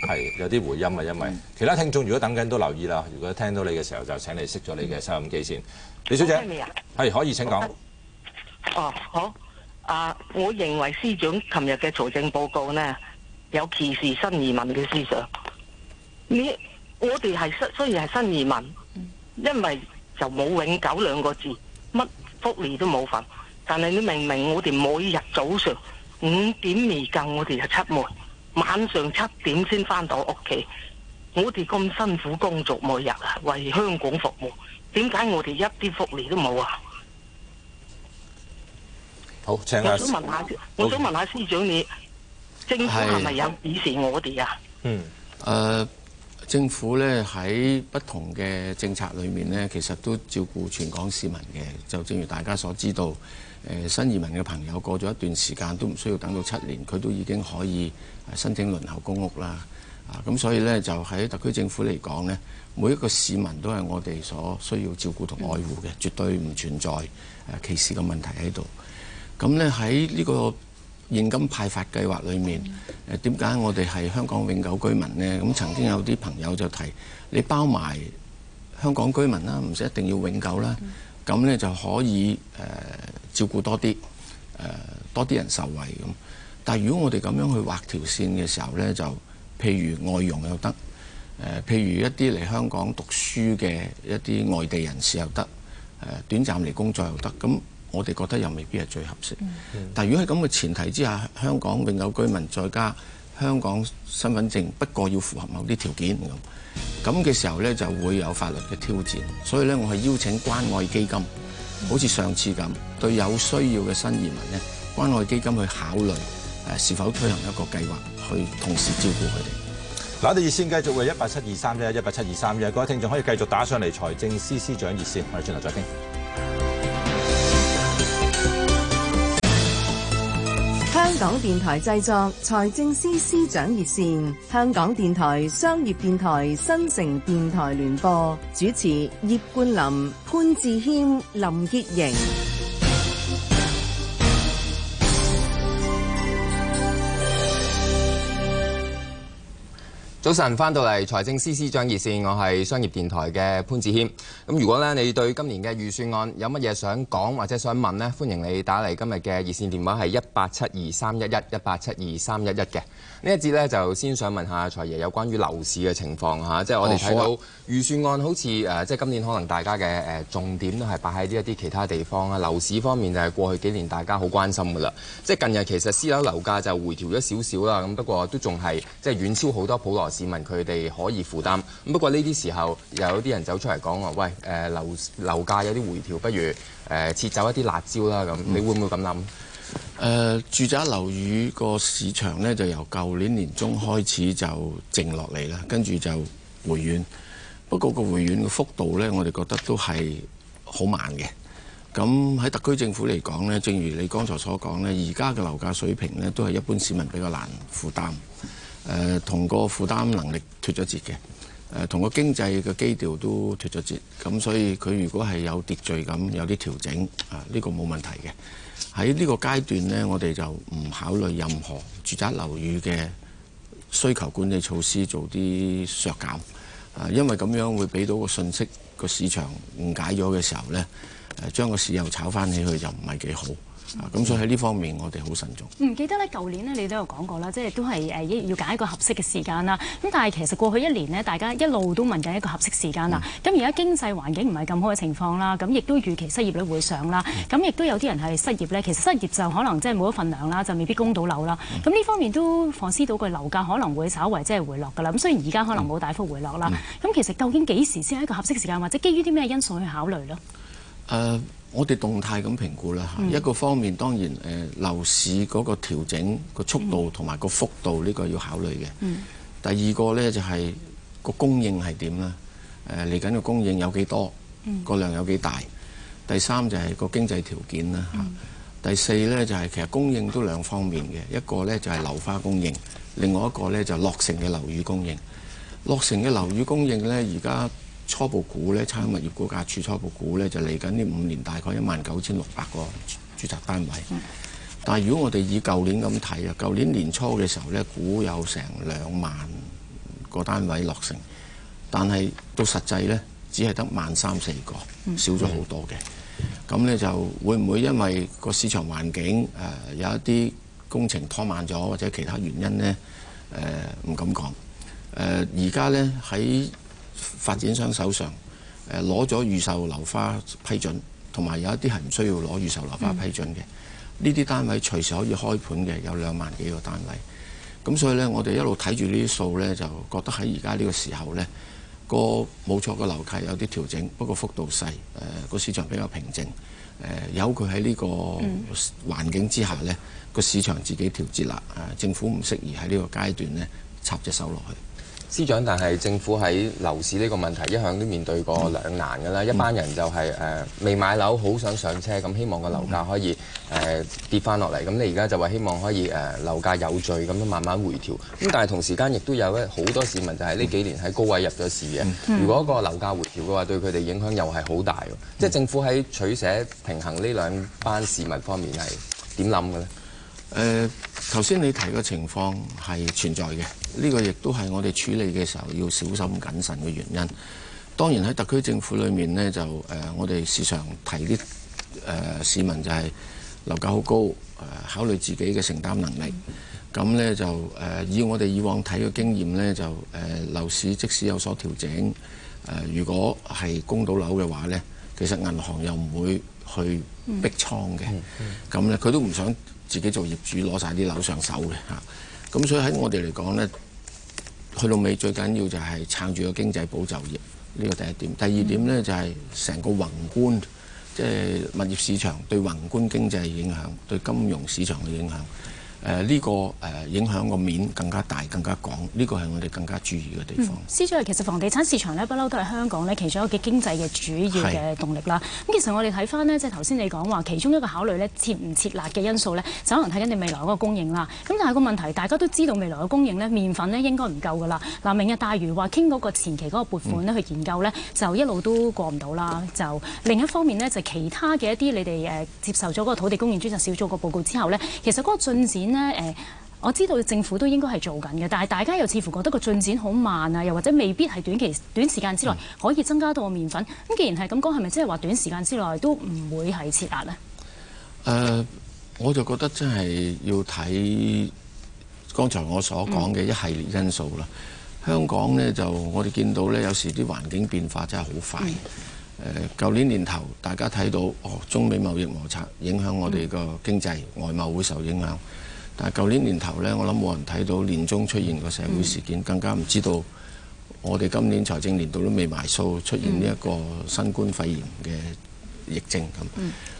係有啲回音啊，因為其他聽眾如果等緊都留意啦。如果聽到你嘅時候，就請你熄咗你嘅收音機先。李小姐係可以，請講。哦好，啊我認為司長琴日嘅財政報告呢有歧視新移民嘅思想。你我哋係雖雖然係新移民，因為就冇永久兩個字。乜福利都冇份，但係你明明我哋每日早上五點未更，我哋就出門，晚上七點先翻到屋企。我哋咁辛苦工作每日啊，為香港服務，點解我哋一啲福利都冇啊？好，請問我想問下，我想問下司、okay. 長你，你政府係咪有鄙視我哋啊？嗯，誒、呃。政府呢喺不同嘅政策裏面呢，其實都照顧全港市民嘅。就正如大家所知道，誒，新移民嘅朋友過咗一段時間都唔需要等到七年，佢都已經可以申請輪候公屋啦。啊，咁所以呢，就喺特區政府嚟講呢，每一個市民都係我哋所需要照顧同愛護嘅，絕對唔存在誒歧視嘅問題喺度。咁呢喺呢個。現金派發計劃裏面，誒點解我哋係香港永久居民呢？咁曾經有啲朋友就提，你包埋香港居民啦，唔使一定要永久啦，咁咧就可以、呃、照顧多啲、呃、多啲人受惠咁。但係如果我哋咁樣去畫條線嘅時候呢，就譬如外傭又得，譬如一啲嚟香港讀書嘅一啲外地人士又得、呃，短暫嚟工作又得咁。我哋覺得又未必係最合適，但如果喺咁嘅前提之下，香港永久居民再加香港身份證，不過要符合某啲條件咁，咁嘅時候咧就會有法律嘅挑戰。所以咧，我係邀請關愛基金，好似上次咁，對有需要嘅新移民咧，關愛基金去考慮誒是否推行一個計劃去同時照顧佢哋。嗱，我哋熱線繼續，一八七二三一，一八七二三一，各位聽眾可以繼續打上嚟。財政司司長熱線，我哋轉頭再傾。香港電台製作《財政司司長熱線》，香港電台、商業電台、新城電台聯播，主持：葉冠霖、潘志謙、林潔瑩。早晨，返到嚟財政司司長熱線，我係商業電台嘅潘志謙。咁如果咧你對今年嘅預算案有乜嘢想講或者想問呢？歡迎你打嚟，今日嘅熱線電話係一八七二三一一一八七二三一一嘅。呢一節咧就先想問下財爺有關於樓市嘅情況嚇，啊，即係我哋睇到預算案好似誒，呃，即係今年可能大家嘅誒、呃、重點都係擺喺呢一啲其他地方啦。樓市方面就係過去幾年大家好關心噶啦，即係近日其實私樓樓價就回調咗少少啦，咁不過都仲係即係遠超好多普羅市民佢哋可以負擔。咁不過呢啲時候有啲人走出嚟講話，喂，誒、呃、樓樓價有啲回調，不如誒、呃、撤走一啲辣招啦咁，你會唔會咁諗？嗯呃，住宅樓宇個市場呢，就由舊年年中開始就靜落嚟啦，跟住就回軟。不過個回軟嘅幅度呢，我哋覺得都係好慢嘅。咁喺特區政府嚟講呢，正如你剛才所講呢，而家嘅樓價水平呢，都係一般市民比較難負擔。誒，呃，同個負擔能力脱咗節嘅。誒同個經濟嘅基調都脫咗節，咁所以佢如果係有秩序咁有啲調整，啊呢、呢個冇問題嘅。喺呢個階段呢，我哋就唔考慮任何住宅樓宇嘅需求管理措施做啲削減，啊因為咁樣會俾到個信息個市場誤解咗嘅時候呢，將、啊、個市又炒翻起去就唔係幾好。咁所以喺呢方面，我哋好慎重。唔記得咧，舊年咧，你都有講過啦，即係都係誒要揀一個合適嘅時間啦。咁但係其實過去一年呢，大家一路都問緊一個合適時間啦。咁而家經濟環境唔係咁好嘅情況啦，咁亦都預期失業率會上啦。咁、嗯、亦都有啲人係失業咧，其實失業就可能即係冇咗份糧啦，就未必供到樓啦。咁、嗯、呢方面都防禦到個樓價可能會稍為即係回落噶啦。咁雖然而家可能冇大幅回落啦，咁、嗯、其實究竟幾時先係一個合適時間，或者基於啲咩因素去考慮咧？誒、呃。我哋動態咁評估啦，嚇一個方面當然誒樓市嗰個調整個速度同埋個幅度呢個要考慮嘅。第二個咧就係個供應係點啦，誒嚟緊嘅供應有幾多，個量有幾大。第三就係個經濟條件啦嚇。第四咧就係其實供應都兩方面嘅，一個咧就係樓花供應，另外一個咧就落成嘅樓宇供應。落成嘅樓宇供應咧而家。初步估呢，差餉物業估價處初步估呢，就嚟緊呢五年大概一萬九千六百個住宅單位。但係如果我哋以舊年咁睇啊，舊年年初嘅時候呢，估有成兩萬個單位落成，但係到實際呢，只係得萬三四個，少咗好多嘅。咁、嗯、呢，就會唔會因為個市場環境、呃、有一啲工程拖慢咗或者其他原因呢？唔敢講、呃、而家呢，喺發展商手上攞咗預售樓花批准，同埋有，有一啲係唔需要攞預售樓花批准嘅。呢、嗯、啲單位隨時可以開盤嘅，有兩萬幾個單位。咁所以呢，我哋一路睇住呢啲數呢，就覺得喺而家呢個時候呢，個冇錯個樓價有啲調整，不過幅度細。誒、呃、個市場比較平靜。誒由佢喺呢個環境之下呢，個市場自己調節啦。政府唔適宜喺呢個階段呢插隻手落去。司長，但係政府喺樓市呢個問題一向都面對過兩難㗎啦。一班人就係誒未買樓，好想上車，咁希望個樓價可以誒、呃、跌翻落嚟。咁你而家就話希望可以誒、呃、樓價有序咁樣慢慢回調。咁但係同時間亦都有咧好多市民就係呢幾年喺高位入咗市嘅。如果個樓價回調嘅話，對佢哋影響又係好大。即係政府喺取捨平衡呢兩班市民方面係點諗嘅咧？誒頭先你提嘅情況係存在嘅，呢、這個亦都係我哋處理嘅時候要小心謹慎嘅原因。當然喺特區政府裏面呢，就誒、呃、我哋時常提啲誒、呃、市民就係樓價好高，誒、呃、考慮自己嘅承擔能力。咁、嗯、呢，就誒、呃、以我哋以往睇嘅經驗呢，就誒、呃、樓市即使有所調整，誒、呃、如果係供到樓嘅話呢，其實銀行又唔會去逼倉嘅。咁咧佢都唔想。自己做業主攞晒啲樓上手嘅嚇，咁所以喺我哋嚟講呢，去到尾最緊要就係撐住個經濟保就業，呢個第一點。第二點呢，就係成個宏觀，即係物業市場對宏觀經濟嘅影響，對金融市場嘅影響。誒、這、呢個誒影響個面更加大，更加廣，呢、這個係我哋更加注意嘅地方。嗯、司長，其實房地產市場咧，不嬲都係香港咧，其中一個嘅經濟嘅主要嘅動力啦。咁其實我哋睇返呢，即係頭先你講話，其中一個考慮咧，切唔切辣嘅因素呢，就可能睇緊你未來嗰個供應啦。咁但係個問題，大家都知道未來嘅供應呢，麵粉咧應該唔夠㗎啦。嗱，明日大如明日大嶼話傾嗰個前期嗰個撥款呢、嗯、去研究呢，就一路都過唔到啦。就另一方面呢，就其他嘅一啲你哋誒接受咗嗰個土地供應專責小組個報告之後呢，其實嗰個進展。咧，我知道政府都應該係做緊嘅，但係大家又似乎覺得個進展好慢啊，又或者未必係短期短時間之內可以增加到個麵粉。咁既然係咁講，係咪即係話短時間之內都唔會係設壓呢？誒、呃，我就覺得真係要睇剛才我所講嘅一系列因素啦、嗯。香港呢，就我哋見到呢，有時啲環境變化真係好快。誒、嗯，舊年年頭大家睇到哦，中美貿易摩擦影響我哋個經濟、嗯，外貿會受影響。但係舊年年頭呢，我諗冇人睇到年中出現個社會事件，嗯、更加唔知道我哋今年財政年度都未埋數，出現呢一個新冠肺炎嘅疫症咁。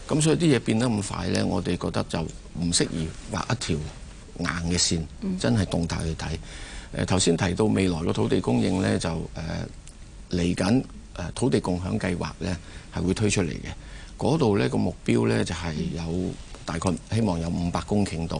咁、嗯、所以啲嘢變得咁快呢，我哋覺得就唔適宜畫一條硬嘅線，嗯、真係動態去睇。頭先提到未來個土地供應呢，就嚟緊、呃、土地共享計劃呢係會推出嚟嘅。嗰度呢個目標呢，就係有大概希望有五百公頃到。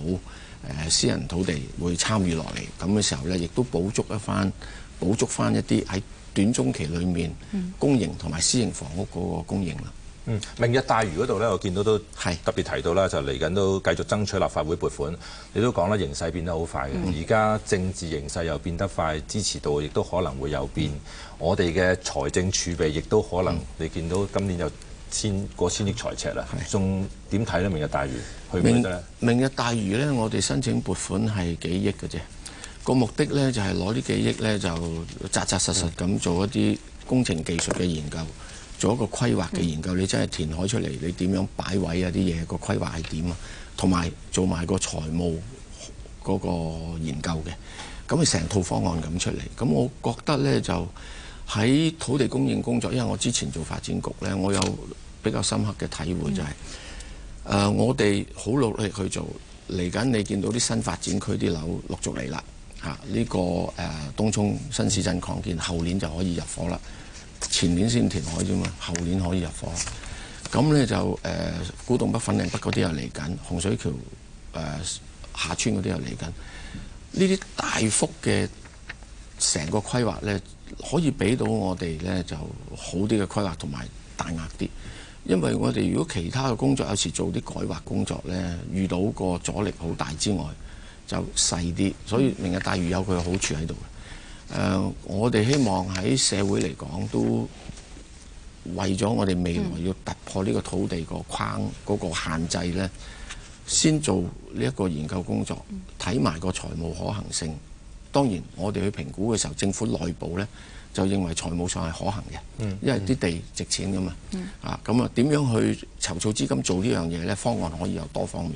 誒私人土地會參與落嚟，咁嘅時候呢，亦都補足一翻，補足翻一啲喺短中期裏面、嗯、公營同埋私營房屋嗰個供應啦。嗯，明日大嶼嗰度呢，我見到都特別提到啦，就嚟緊都繼續爭取立法會撥款。你都講啦，形勢變得好快嘅，而、嗯、家政治形勢又變得快，支持度亦都可能會有變。我哋嘅財政儲備亦都可能，嗯、你見到今年有千過千億財赤啦。仲點睇呢？明日大嶼？去去明，明日大嶼呢，我哋申請撥款係幾億嘅啫。個目的呢，就係攞啲幾億呢，就紮紮實實咁做一啲工程技術嘅研究，做一個規劃嘅研究。嗯、你真係填海出嚟，你點樣擺位啊啲嘢？個規劃係點啊？同埋做埋個財務嗰個研究嘅。咁你成套方案咁出嚟。咁我覺得呢，就喺土地供應工作，因為我之前做發展局呢，我有比較深刻嘅體會就係、是。嗯誒、呃，我哋好努力去做，嚟緊你見到啲新發展區啲樓陸續嚟啦嚇，呢、啊這個誒、呃、東涌新市鎮擴建，後年就可以入伙啦。前年先填海啫嘛，後年可以入伙。咁呢就誒、呃，古洞北粉嶺北嗰啲又嚟緊，洪水橋誒、呃、下村嗰啲又嚟緊。呢啲大幅嘅成個規劃呢，可以俾到我哋呢就好啲嘅規劃同埋大額啲。因為我哋如果其他嘅工作有時做啲改劃工作呢，遇到個阻力好大之外，就細啲，所以明日大嶼有佢嘅好處喺度嘅。誒，我哋希望喺社會嚟講，都為咗我哋未來要突破呢個土地個框嗰、嗯嗰個限制呢，先做呢一個研究工作，睇埋個財務可行性。當然，我哋去評估嘅時候，政府內部呢就認為財務上係可行嘅、嗯，因為啲地值錢噶嘛、嗯。啊，咁啊點樣去籌措資金做呢樣嘢呢？方案可以有多方面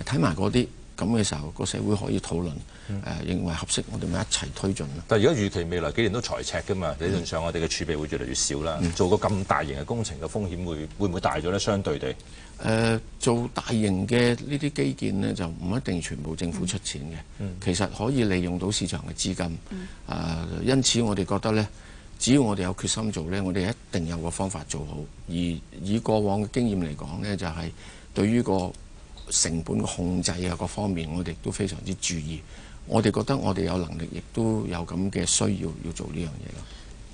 嘅，睇埋嗰啲。咁嘅時候，個社會可以討論，誒、嗯呃、認為合適，我哋咪一齊推進咯。但係如果預期未來幾年都財赤㗎嘛，嗯、理論上我哋嘅儲備會越嚟越少啦、嗯。做個咁大型嘅工程嘅風險會、會唔會大咗呢？相對地，呃、做大型嘅呢啲基建呢，就唔一定全部政府出錢嘅、嗯。其實可以利用到市場嘅資金、嗯呃。因此我哋覺得呢，只要我哋有決心做呢，我哋一定有個方法做好。而以過往嘅經驗嚟講呢，就係、是、對於個。成本控制啊，各方面我哋都非常之注意。我哋覺得我哋有能力，亦都有咁嘅需要要做呢樣嘢咯。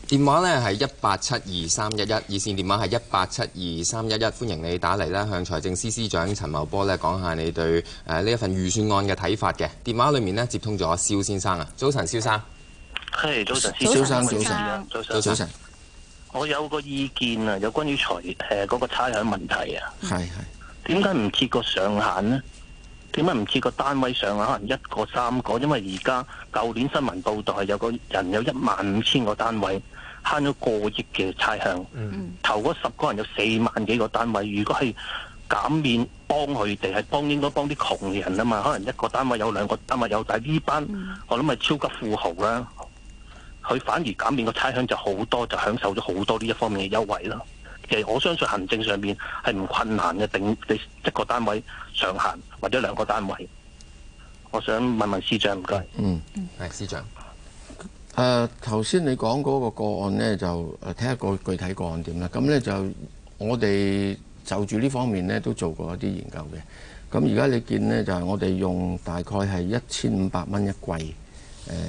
電話呢係一八七二三一一，熱線電話係一八七二三一一。歡迎你打嚟啦，向財政司司長陳茂波呢講下你對誒呢一份預算案嘅睇法嘅。電話裏面呢，接通咗蕭先生啊，早晨，蕭生。係，早晨，蕭生，早晨，早晨，早晨。我有個意見啊，有關於財誒、呃嗰個差餉問題啊。係、嗯、係。點解唔設個上限呢？點解唔設個單位上限？可能一個三個？因為而家舊年新聞報道係有個人有一萬五千個單位慳咗過億嘅差餉。嗯，頭嗰十個人有四萬幾個單位。如果係減免幫佢哋，係幫應該幫啲窮人啊嘛？可能一個單位有兩個單位有，但係呢班、嗯、我諗係超級富豪啦，佢反而減免個差餉就好多，就享受咗好多呢一方面嘅優惠啦。我相信行政上面係唔困難嘅，頂你一個單位上限或者兩個單位。我想問問司長唔該。嗯，係司長。誒、啊，頭先你講嗰個個案咧，就誒睇下個具體個案點啦。咁咧，就我哋就住呢方面咧都做過一啲研究嘅。咁而家你見咧，就係、是、我哋用大概係一千五百蚊一季誒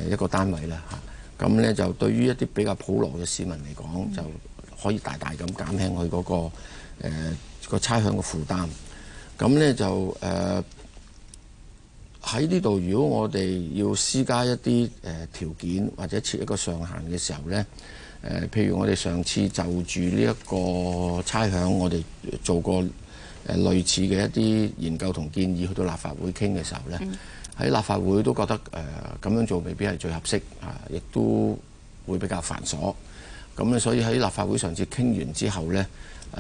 一個單位啦吓。咁咧，就對於一啲比較普羅嘅市民嚟講、嗯、就。可以大大咁減輕佢嗰、那個誒、呃那個差餉嘅負擔，咁呢就喺呢度，如果我哋要施加一啲誒、呃、條件或者設一個上限嘅時候呢、呃，譬如我哋上次就住呢一個差餉，我哋做過類類似嘅一啲研究同建議去到立法會傾嘅時候呢，喺、嗯、立法會都覺得誒咁、呃、樣做未必係最合適啊，亦都會比較繁瑣。咁咧，所以喺立法會上次傾完之後呢，誒、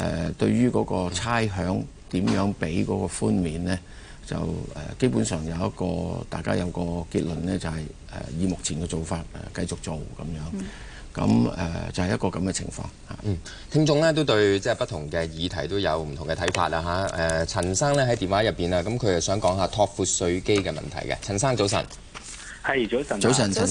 呃、對於嗰個差餉點樣俾嗰個寬免咧，就誒、呃、基本上有一個大家有個結論呢，就係誒以目前嘅做法誒繼續做咁樣。咁誒、呃、就係、是、一個咁嘅情況嚇。嗯，聽眾呢都對即係、就是、不同嘅議題都有唔同嘅睇法啦吓，誒、啊、陳、呃、生呢喺電話入邊啊，咁佢誒想講下拓闊稅基嘅問題嘅。陳生早晨。係早晨，早晨，早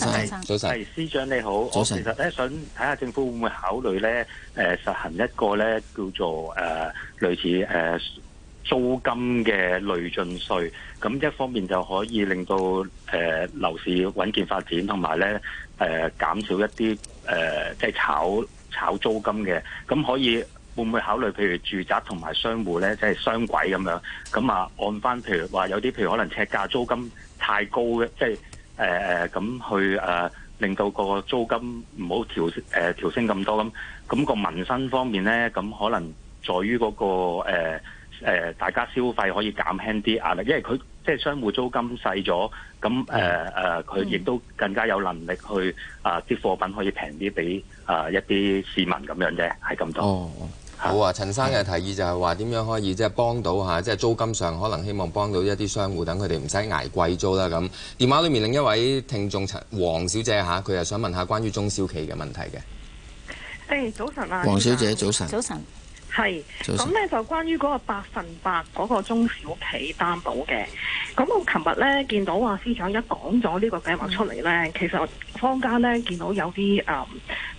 晨，係司長你好。我其實咧，想睇下政府會唔會考慮咧，誒、呃、實行一個咧，叫做誒、呃、類似誒、呃、租金嘅累進稅。咁一方面就可以令到誒樓、呃、市穩健發展，同埋咧誒減少一啲誒即係炒炒租金嘅。咁可以會唔會考慮譬如住宅同埋商戶咧，即係雙軌咁樣？咁啊按翻譬如話有啲譬如可能尺價租金太高嘅，即、就、係、是。誒、呃、咁去誒、呃，令到個租金唔好調誒、呃、升咁多咁，咁、那個民生方面咧，咁可能在於嗰、那個誒、呃呃、大家消費可以減輕啲壓力，因為佢即係商戶租金細咗，咁誒佢亦都更加有能力去啊啲、呃、貨品可以平啲俾啊一啲市民咁樣啫，係咁多。哦。好啊，陳生嘅提議就係話點樣可以即係、就是、幫到嚇，即、就、係、是、租金上可能希望幫到一啲商戶等佢哋唔使挨貴租啦咁。電話裏面另一位聽眾陳黃小姐嚇，佢又想問一下關於中小企嘅問題嘅。誒、hey，早晨啊，黃小姐，早晨，早晨，係。咁咧就關於嗰個百分百嗰個中小企擔保嘅。咁我琴日咧見到啊司長一講咗呢個計劃出嚟咧、嗯，其實我坊間咧見到有啲誒、嗯、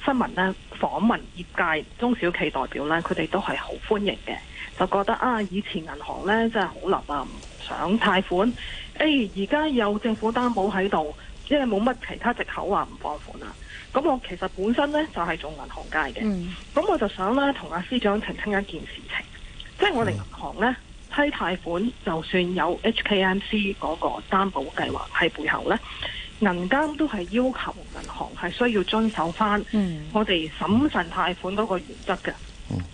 新聞咧。訪問業界中小企代表呢，佢哋都係好歡迎嘅，就覺得啊，以前銀行呢，真係好難啊，唔想貸款。誒、欸，而家有政府擔保喺度，因為冇乜其他藉口話唔放款啦、啊。咁我其實本身呢，就係、是、做銀行界嘅，咁、嗯、我就想呢同阿司長澄清一件事情，即係我哋銀行呢，批貸款，就算有 HKMC 嗰個擔保計劃喺背後呢。銀監都係要求銀行係需要遵守翻我哋審慎貸款嗰個原則嘅，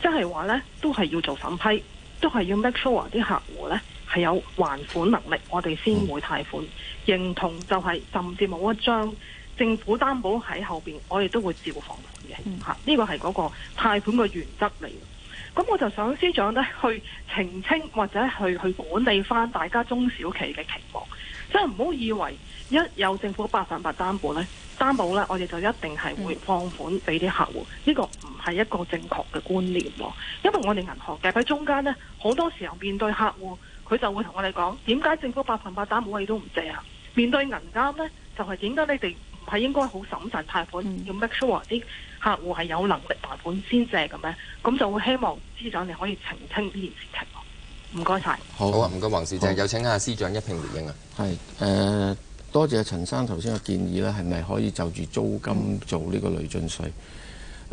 即係話呢，都係要做審批，都係要 make sure 啲客戶呢係有還款能力，我哋先會貸款。認同就係甚至冇一張政府擔保喺後邊，我哋都會照放款嘅。嚇，呢個係嗰個貸款嘅原則嚟嘅。咁我就想司長呢去澄清或者去去管理翻大家中小企嘅期望，即係唔好以為。一有政府百分百擔保咧，擔保咧，我哋就一定係會放款俾啲客戶。呢個唔係一個正確嘅觀念喎，因為我哋銀行夾喺中間呢，好多時候面對客戶，佢就會同我哋講：點解政府百分百擔保，你都唔借啊？面對銀監呢，就係點解你哋唔係應該好審慎貸款，嗯、要 make sure 啲客戶係有能力貸款先借咁咩？咁就會希望司長你可以澄清呢件事情。唔該晒，好。啊，唔該黃司長，有請阿司長一併回應啊。多謝阿陳生頭先嘅建議啦，係咪可以就住租金做呢個累進稅？誒、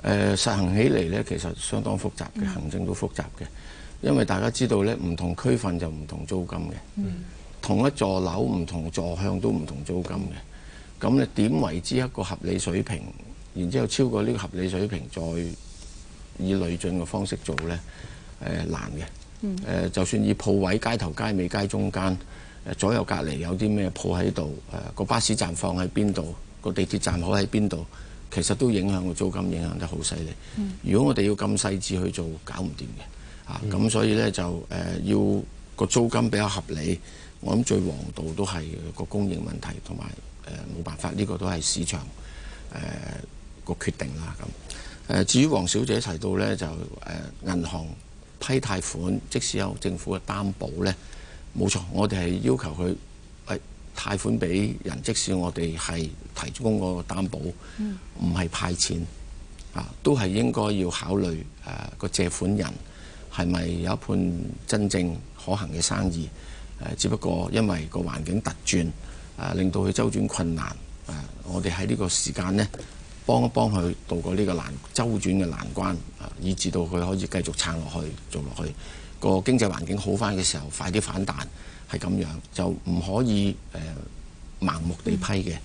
嗯，實行起嚟呢，其實相當複雜嘅，行政都複雜嘅，因為大家知道呢，唔同區份就唔同租金嘅，嗯，同一座樓唔同座向都唔同租金嘅，咁你點為之一個合理水平？然之後超過呢個合理水平再以累進嘅方式做呢？誒、呃、難嘅，嗯呃，就算以鋪位街頭、街尾、街中間。左右隔離有啲咩鋪喺度？個、啊、巴士站放喺邊度？個地鐵站好喺邊度？其實都影響個租金，影響得好犀利。如果我哋要咁細緻去做，搞唔掂嘅。啊，咁、嗯、所以呢，就、啊、要個租金比較合理。我諗最黃道都係個、啊、供應問題，同埋冇辦法，呢、呢個都係市場誒、啊、個決定啦。咁、啊、至於黃小姐提到呢，就誒、啊、銀行批貸款，即使有政府嘅擔保呢。冇錯，我哋係要求佢誒、哎、貸款俾人，即使我哋係提供個擔保，唔係派錢啊，都係應該要考慮誒、啊、個借款人係咪有一盤真正可行嘅生意、啊？只不過因為個環境突轉啊，令到佢周轉困難、啊、我哋喺呢個時間呢，幫一幫佢度過呢個難周轉嘅難關、啊，以至到佢可以繼續撐落去做落去。個經濟環境好翻嘅時候，快啲反彈係咁樣，就唔可以、呃、盲目地批嘅、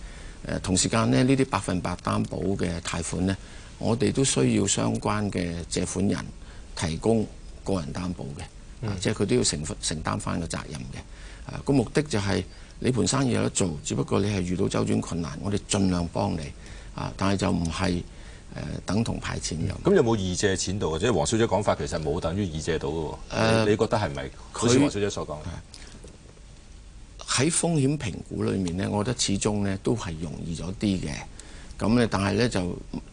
呃。同時間呢，呢啲百分百擔保嘅貸款呢，我哋都需要相關嘅借款人提供個人擔保嘅、嗯啊，即係佢都要承承擔翻個責任嘅。個、啊、目的就係你盤生意有得做，只不過你係遇到周轉困難，我哋盡量幫你啊，但係就唔係。誒等同派錢咁，咁有冇易借錢度或即係黃小姐講法？其實冇等於易借到嘅喎、呃。你覺得係咪？好似黃小姐所講嘅，喺、呃、風險評估裏面咧，我覺得始終咧都係容易咗啲嘅。咁咧，但係咧就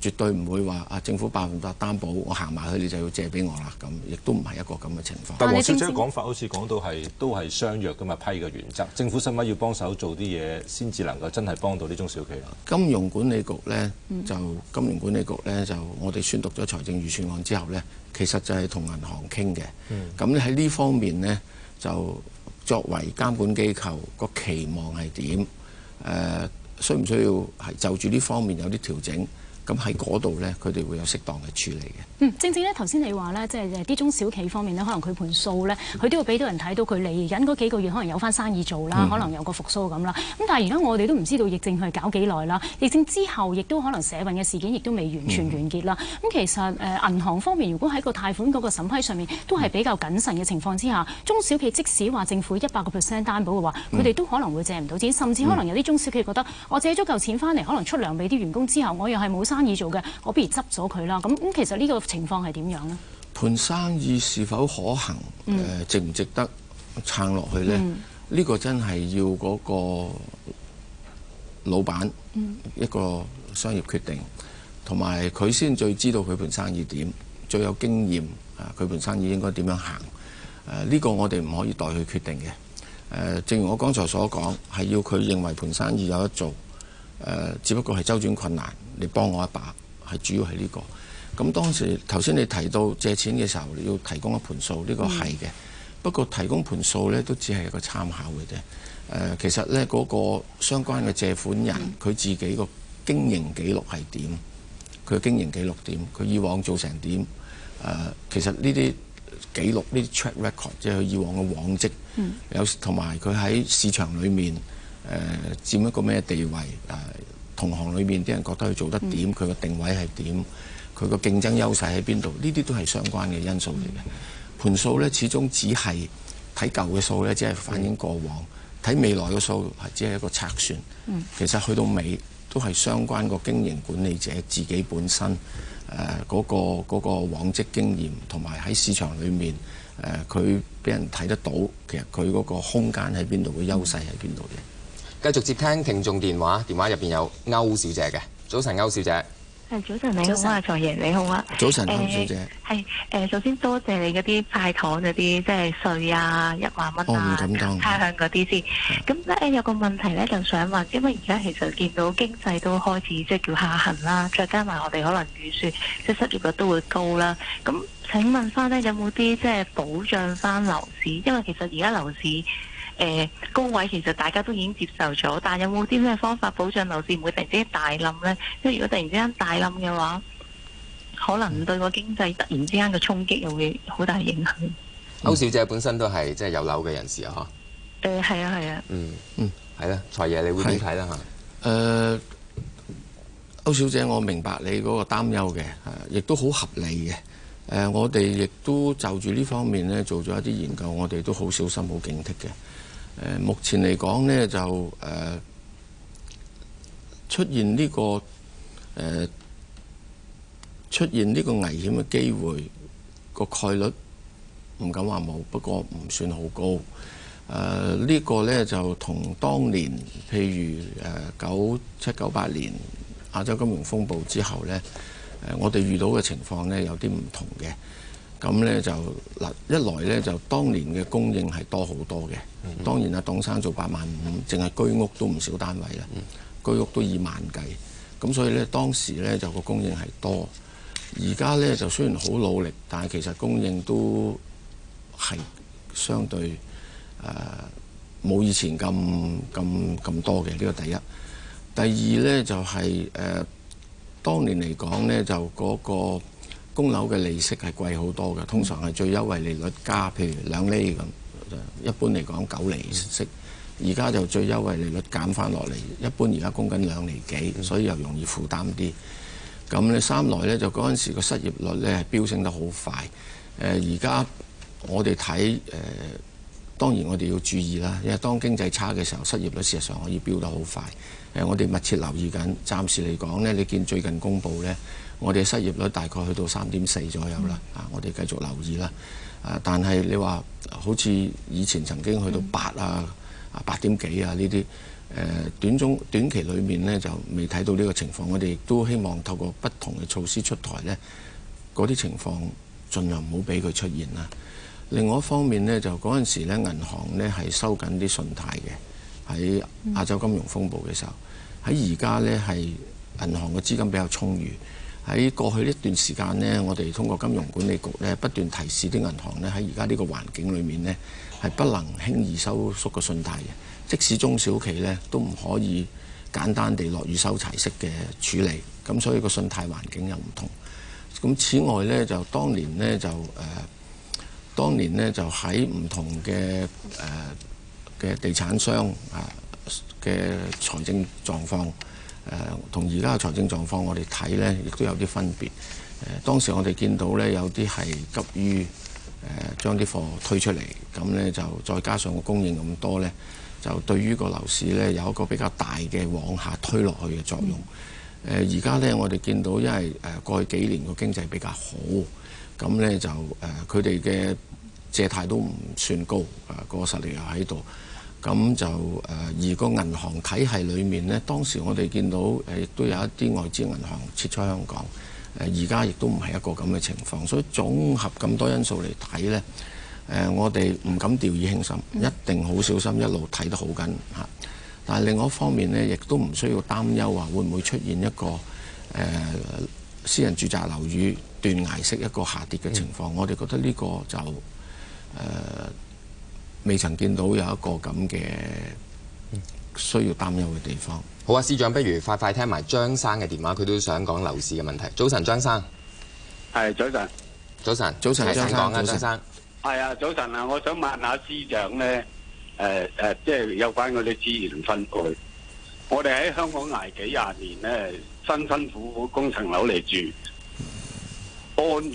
絕對唔會話啊，政府百分百擔保，我行埋去你就要借俾我啦。咁亦都唔係一個咁嘅情況。但黃小姐嘅講法好似講到係都係相約噶嘛批嘅原則。政府使乜要幫手做啲嘢，先至能夠真係幫到呢中小企業？金融管理局咧就、嗯、金融管理局咧就我哋宣讀咗財政預算案之後咧，其實就係同銀行傾嘅。咁喺呢方面咧，就作為監管機構個期望係點？呃需唔需要係就住呢方面有啲調整？咁喺嗰度咧，佢哋會有適當嘅處理嘅。嗯，正正咧，頭先你話咧，即係啲中小企方面咧，可能佢盤數咧，佢、嗯、都會俾到人睇到佢嚟緊嗰幾個月可能有翻生意做啦、嗯，可能有個復甦咁啦。咁但係而家我哋都唔知道疫症去搞幾耐啦，疫症之後亦都可能社運嘅事件亦都未完全完結啦。咁、嗯嗯嗯、其實誒、呃、銀行方面，如果喺個貸款嗰個審批上面都係比較謹慎嘅情況之下，中小企即使話政府一百個 percent 擔保嘅話，佢哋都可能會借唔到錢，甚至可能有啲中小企覺得、嗯、我借咗嚿錢翻嚟，可能出糧俾啲員工之後，我又係冇生意做嘅，我不如執咗佢啦。咁、嗯、咁、嗯、其實呢、呢個。情況係點樣呢？盤生意是否可行？嗯呃、值唔值得撐落去呢？呢、嗯呢個真係要嗰個老闆一個商業決定，同埋佢先最知道佢盤生意點，最有經驗啊！佢盤生意應該點樣行？呢、呃呢個我哋唔可以代佢決定嘅、呃。正如我剛才所講，係要佢認為盤生意有得做。呃、只不過係周轉困難，你幫我一把，係主要係呢、呢個。咁當時頭先你提到借錢嘅時候，你要提供一盤數呢、呢個係嘅、嗯。不過提供盤數呢，都只係一個參考嘅啫。誒、呃，其實呢，嗰、嗰個相關嘅借款人，佢、嗯、自己個經營記錄係點？佢經營記錄點？佢以往做成點？誒、呃，其實呢啲記錄、呢啲 track record，即係佢以往嘅往績，嗯、有同埋佢喺市場裏面誒、呃、佔一個咩地位？誒、呃，同行裏面啲人覺得佢做得點？佢、嗯、嘅定位係點？佢個競爭優勢喺邊度？呢啲都係相關嘅因素嚟嘅盤數咧，始終只係睇舊嘅數咧，只係反映過往，睇、嗯、未來嘅數係只係一個測算、嗯。其實去到尾都係相關個經營管理者自己本身誒嗰、呃嗰個嗰個往績經驗，同埋喺市場裏面誒佢俾人睇得到。其實佢嗰個空間喺邊度嘅優勢喺邊度嘅。繼續接聽聽聽眾電話，電話入邊有歐小姐嘅，早晨，歐小姐。係早晨，早晨你好啊，財爺你好啊，早晨康、呃、小姐係誒，首、呃、先多謝你嗰啲派糖嗰啲，即係稅啊，一萬蚊啊，差餉嗰啲先。咁咧、呃、有個問題咧，就想問，因為而家其實見到經濟都開始即係叫下行啦，再加埋我哋可能預算即係失業率都會高啦。咁請問翻咧有冇啲即係保障翻樓市？因為其實而家樓市。誒高位其實大家都已經接受咗，但係有冇啲咩方法保障樓市唔會突然之間大冧呢？因為如果突然之間大冧嘅話，可能對個經濟突然之間嘅衝擊又會好大影響、嗯。歐小姐本身都係即係有樓嘅人士、嗯、啊，嚇誒係啊係啊，嗯係啦。財、啊、爺，你會點睇咧嚇？誒、呃，歐小姐，我明白你嗰個擔憂嘅，亦都好合理嘅、呃。我哋亦都就住呢方面咧做咗一啲研究，我哋都好小心好警惕嘅。目前嚟講呢，就誒出現呢個、誒出現呢個危險嘅機會，個概率唔敢話冇，不過唔算好高。誒、呢、呢個呢，就同當年譬如九七九八年亞洲金融風暴之後呢，我哋遇到嘅情況呢，有啲唔同嘅。咁咧就嗱，一來咧就當年嘅供應係多好多嘅，mm-hmm. 當然啊，董生做八萬五，淨係居屋都唔少單位啦，mm-hmm. 居屋都以萬計，咁所以咧當時咧就個供應係多，而家咧就雖然好努力，但係其實供應都係相對誒冇、呃、以前咁咁咁多嘅，呢、這個第一。第二咧就係、是、誒、呃、當年嚟講咧就嗰、那個。供樓嘅利息係貴好多嘅，通常係最優惠利率加，譬如兩厘咁。一般嚟講九厘息，而家就最優惠利率減翻落嚟，一般而家供緊兩厘幾，所以又容易負擔啲。咁呢三來呢，就嗰陣時個失業率呢係飆升得好快。誒而家我哋睇誒，當然我哋要注意啦，因為當經濟差嘅時候，失業率事實上可以飆得好快。誒、呃、我哋密切留意緊，暫時嚟講呢，你見最近公布呢。我哋嘅失業率大概去到三點四左右啦。啊、嗯，我哋繼續留意啦。啊，但係你話好似以前曾經去到八啊啊八、嗯、點幾啊呢啲誒短中短期裡面呢，就未睇到呢個情況。我哋亦都希望透過不同嘅措施出台呢，嗰啲情況盡量唔好俾佢出現啦。另外一方面呢，就嗰陣時呢，銀行呢係收緊啲信貸嘅，喺亞洲金融風暴嘅時候，喺而家呢係銀行嘅資金比較充裕。喺過去一段時間呢，我哋通過金融管理局咧不斷提示啲銀行咧喺而家呢個環境裏面呢，係不能輕易收縮個信貸嘅，即使中小企呢，都唔可以簡單地落雨收柴式嘅處理。咁所以個信貸環境又唔同。咁此外呢，就當年呢，就誒、呃、當年咧就喺唔同嘅誒嘅地產商啊嘅財政狀況。誒同而家嘅財政狀況，我哋睇呢，亦都有啲分別。誒、呃、當時我哋見到呢，有啲係急於誒、呃、將啲貨推出嚟，咁呢就再加上個供應咁多呢，就對於個樓市呢，有一個比較大嘅往下推落去嘅作用。呃、而家呢，我哋見到因為誒過去幾年個經濟比較好，咁呢，就誒佢哋嘅借貸都唔算高，誒、呃、個實力又喺度。咁就而個銀行體系裏面呢，當時我哋見到誒亦都有一啲外資銀行撤出香港，而家亦都唔係一個咁嘅情況，所以綜合咁多因素嚟睇呢，我哋唔敢掉以輕心，一定好小心一路睇得好緊吓。但係另外一方面呢，亦都唔需要擔憂話會唔會出現一個誒私人住宅樓宇斷崖式一個下跌嘅情況，我哋覺得呢個就誒。呃未曾見到有一個咁嘅需要擔憂嘅地方。好啊，司長，不如快快聽埋張生嘅電話，佢都想講樓市嘅問題。早晨，張生。係，早晨。早晨，早晨，張生。係啊，早晨啊，我想問下司長呢，誒誒，即係有關嗰啲資源分配。我哋喺香港捱幾廿年呢，辛辛苦苦供層樓嚟住，按完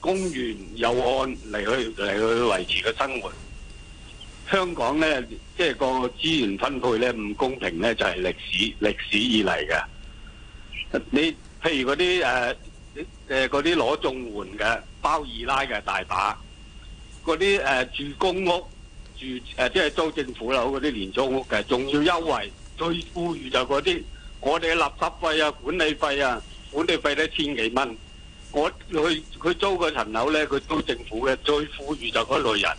供完又按嚟去嚟去維持個生活。香港咧，即係個資源分配咧唔公平咧，就係、是、歷史歷史以嚟嘅。你譬如嗰啲誒誒嗰啲攞綜援嘅包二奶嘅大把，嗰啲誒住公屋住誒、啊、即係租政府樓嗰啲廉租屋嘅，仲要優惠，最富裕就嗰啲。我哋垃圾費啊、管理費啊、管理費都、啊、千幾蚊。我去佢租嗰層樓咧，佢租政府嘅，最富裕就嗰類人。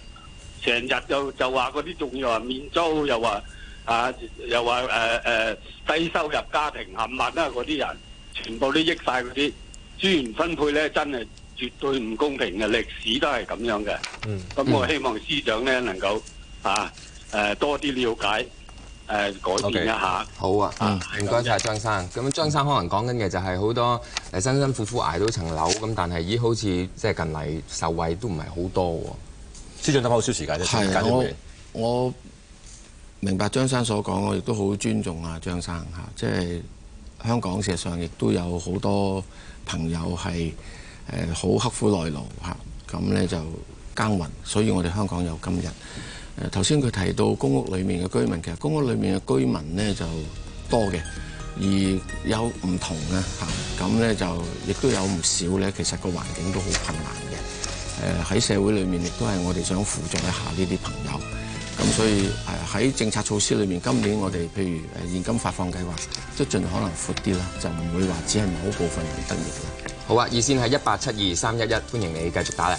成日就就話嗰啲仲要話免租，又話啊，又話誒誒低收入家庭冚物啦嗰啲人，全部都益晒。嗰啲資源分配咧，真係絕對唔公平嘅，歷史都係咁樣嘅。嗯，咁我希望司長咧、嗯、能夠啊誒、啊、多啲了解誒、啊，改變一下。Okay, 好啊，唔該曬張生。咁張生可能講緊嘅就係好多誒辛辛苦苦捱到層樓，咁但係咦好似即係近嚟受惠都唔係好多喎、啊。先進得翻好少時間啫，係我，我明白張生所講，我亦都好尊重啊張生嚇，即係香港事實上亦都有好多朋友係誒好刻苦耐勞嚇，咁咧就耕耘，所以我哋香港有今日。誒頭先佢提到公屋裏面嘅居民，其實公屋裏面嘅居民咧就多嘅，而有唔同啊嚇，咁咧就亦都有唔少咧，其實個環境都好困難。誒喺社會裏面亦都係我哋想輔助一下呢啲朋友，咁所以誒喺政策措施裏面，今年我哋譬如誒現金發放計劃，即係盡可能闊啲啦，就唔會話只係某部分人得益嘅。好啊，熱線係一八七二三一一，歡迎你繼續打嚟。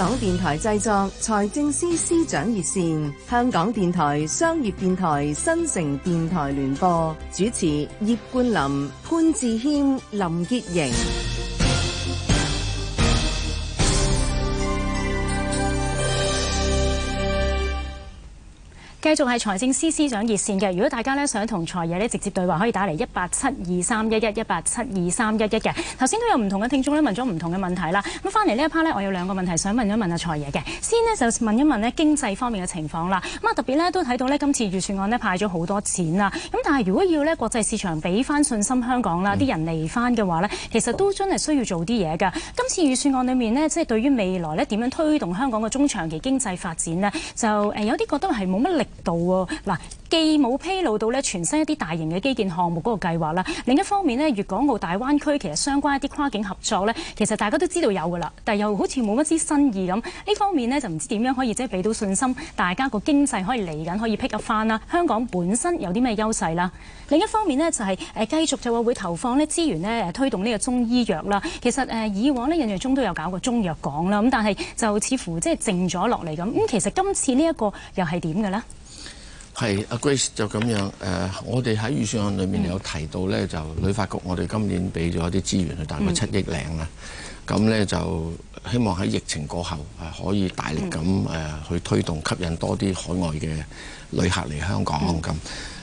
香港電台製作《財政司司長熱線》，香港電台、商業電台、新城電台聯播，主持：葉冠霖、潘志謙、林潔瑩。繼續係財政司司長熱線嘅，如果大家咧想同財爺咧直接對話，可以打嚟一八七二三一一一八七二三一一嘅。頭先都有唔同嘅聽眾咧問咗唔同嘅問題啦，咁翻嚟呢一 part 咧，我有兩個問題想問一問阿財爺嘅。先呢，就問一問呢經濟方面嘅情況啦。咁啊特別咧都睇到呢今次預算案呢，派咗好多錢啦，咁但係如果要呢國際市場俾翻信心香港啦，啲、嗯、人嚟翻嘅話呢，其實都真係需要做啲嘢㗎。今次預算案裏面呢，即係對於未來呢點樣推動香港嘅中長期經濟發展呢，就誒有啲覺得係冇乜力。度嗱、啊，既冇披露到咧全新一啲大型嘅基建項目嗰個計劃啦，另一方面咧，粵港澳大灣區其實相關一啲跨境合作咧，其實大家都知道有噶啦，但係又好似冇乜絲新意咁。呢方面呢，就唔知點樣可以即係俾到信心，大家個經濟可以嚟緊可以 pick 翻啦。香港本身有啲咩優勢啦？另一方面呢、就是，就係誒繼續就話會投放咧資源咧推動呢個中醫藥啦。其實誒以往咧印象中都有搞過中藥港啦，咁但係就似乎即係靜咗落嚟咁。咁其實今次呢一個又係點嘅呢？係阿 Grace 就咁樣誒，我哋喺預算案裏面有提到呢、嗯、就旅發局我哋今年俾咗啲資源去大概七億零啦。咁、嗯、呢，咁就希望喺疫情過後係可以大力咁誒去推動，嗯、吸引多啲海外嘅旅客嚟香港。咁、嗯、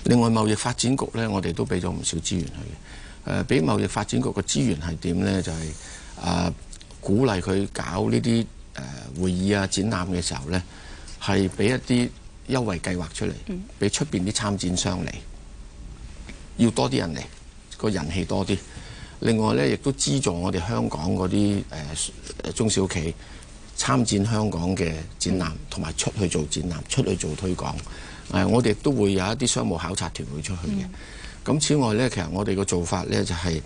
另外貿易發展局呢，我哋都俾咗唔少資源去誒。俾貿易發展局嘅資源係點呢？就係、是、啊、呃，鼓勵佢搞呢啲誒會議啊、展覽嘅時候呢，係俾一啲。優惠計劃出嚟，俾出邊啲參展商嚟，要多啲人嚟，個人氣多啲。另外呢，亦都資助我哋香港嗰啲誒中小企參展香港嘅展覽，同、嗯、埋出去做展覽、出去做推廣。誒，我哋都會有一啲商務考察團會出去嘅。咁、嗯、此外呢，其實我哋個做法呢，就係、是、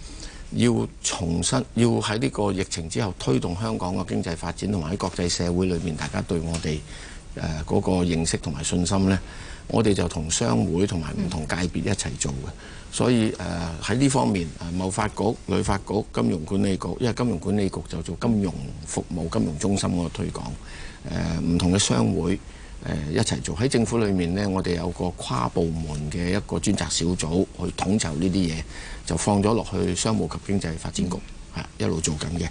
要重新，要喺呢個疫情之後推動香港嘅經濟發展，同埋喺國際社會裏面，大家對我哋。誒、呃、嗰、那個認識同埋信心呢，我哋就同商會同埋唔同界別一齊做嘅，所以誒喺呢方面誒，貿發局、旅發局、金融管理局，因為金融管理局就做金融服務金融中心嗰個推廣，誒、呃、唔同嘅商會誒、呃、一齊做。喺政府裏面呢，我哋有個跨部門嘅一個專責小組去統籌呢啲嘢，就放咗落去商務及經濟發展局，係一路做緊嘅、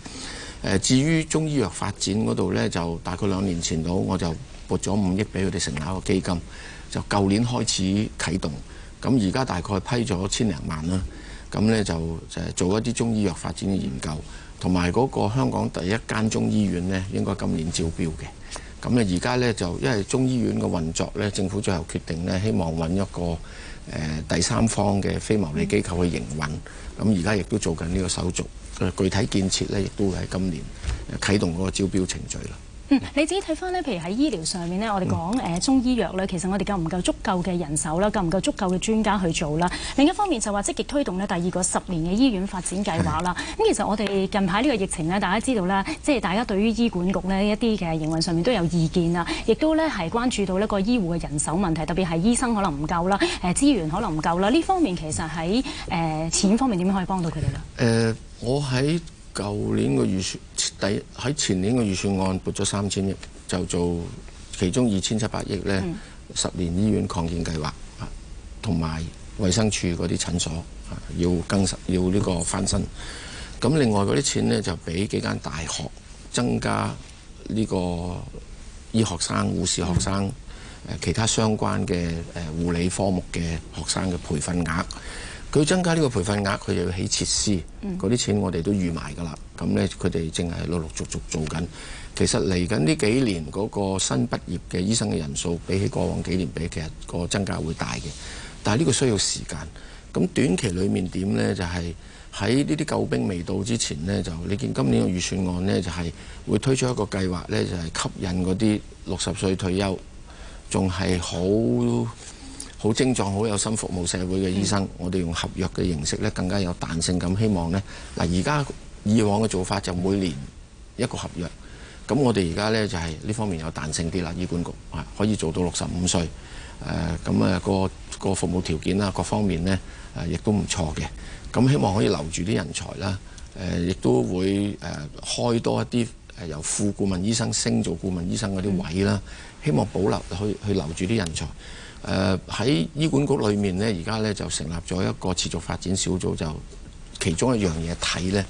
呃。至於中醫藥發展嗰度呢，就大概兩年前度我就，撥咗五億俾佢哋成立一個基金，就舊年開始啟動，咁而家大概批咗千零萬啦。咁呢就做一啲中醫藥發展嘅研究，同埋嗰個香港第一間中醫院呢，應該今年招標嘅。咁呢而家呢，就因為中醫院嘅運作呢，政府最後決定呢，希望揾一個、呃、第三方嘅非牟利機構去營運。咁而家亦都做緊呢個手續，具體建設呢，亦都係今年啟動嗰個招標程序啦。嗯，你自己睇翻咧，譬如喺醫療上面咧，我哋講誒中醫藥咧，其實我哋夠唔夠足夠嘅人手啦，夠唔夠足夠嘅專家去做啦？另一方面就話積極推動咧第二個十年嘅醫院發展計劃啦。咁 其實我哋近排呢個疫情咧，大家知道啦，即係大家對於醫管局呢一啲嘅營運上面都有意見啊，亦都咧係關注到呢個醫護嘅人手問題，特別係醫生可能唔夠啦，誒資源可能唔夠啦。呢方面其實喺誒、呃、錢方面點樣可以幫到佢哋咧？誒、呃，我喺舊年個預算第喺前年個預算案撥咗三千億，就做其中二千七百億呢十年醫院擴建計劃同埋、啊、衛生署嗰啲診所啊，要更新要呢個翻新。咁另外嗰啲錢呢，就俾幾間大學增加呢個醫學生、護士學生、啊、其他相關嘅誒護理科目嘅學生嘅培訓額。佢增加呢個培訓額，佢又要起設施。嗰、嗯、啲錢我哋都預埋㗎啦。咁呢，佢哋淨係陸陸續續做緊。其實嚟緊呢幾年嗰個新畢業嘅醫生嘅人數，比起過往幾年比，其實個增加會大嘅。但係呢個需要時間。咁短期裏面點呢？就係喺呢啲救兵未到之前呢，就你見今年嘅預算案呢，就係、是、會推出一個計劃呢，就係吸引嗰啲六十歲退休仲係好好精壯、好有心服務社會嘅醫生，我哋用合約嘅形式咧，更加有彈性。咁希望呢，嗱而家以往嘅做法就每年一個合約，咁我哋而家呢，就係呢方面有彈性啲啦。醫管局啊，可以做到六十五歲，誒咁啊個個服務條件啊各方面呢，誒亦都唔錯嘅。咁希望可以留住啲人才啦，誒亦都會誒開多一啲由副顧問醫生升做顧問醫生嗰啲位啦，希望保留去去留住啲人才。誒、呃、喺醫管局裏面呢，而家呢就成立咗一個持續發展小組，就其中一樣嘢睇呢，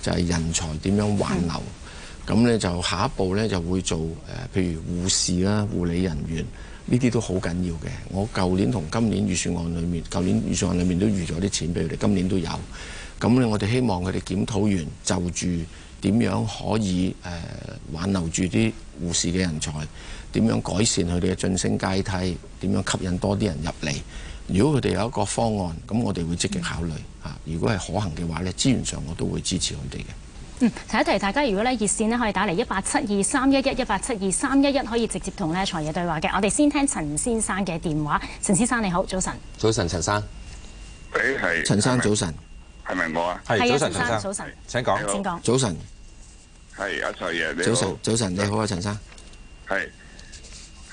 就係、是、人才點樣挽留。咁、嗯、呢，就下一步呢就會做誒、呃，譬如護士啦、護理人員呢啲都好緊要嘅。我舊年同今年預算案裡面，舊年預算案裡面都預咗啲錢俾佢哋，今年都有。咁呢，我哋希望佢哋檢討完，就住點樣可以誒挽、呃、留住啲護士嘅人才。點樣改善佢哋嘅晉升階梯？點樣吸引多啲人入嚟？如果佢哋有一個方案，咁我哋會積極考慮嚇。如果係可行嘅話咧，資源上我都會支持佢哋嘅。嗯，第一題，大家如果呢熱線咧可以打嚟一八七二三一一一八七二三一一，可以直接同呢財爺對話嘅。我哋先聽陳先生嘅電話。陳先生你好，早晨。早晨，陳生。誒、欸，係。陳生早晨。係咪我啊？係早，早晨，陳生。早晨。請講。請、啊、講。早晨。係阿財爺。早晨，早晨你好啊，陳生。係。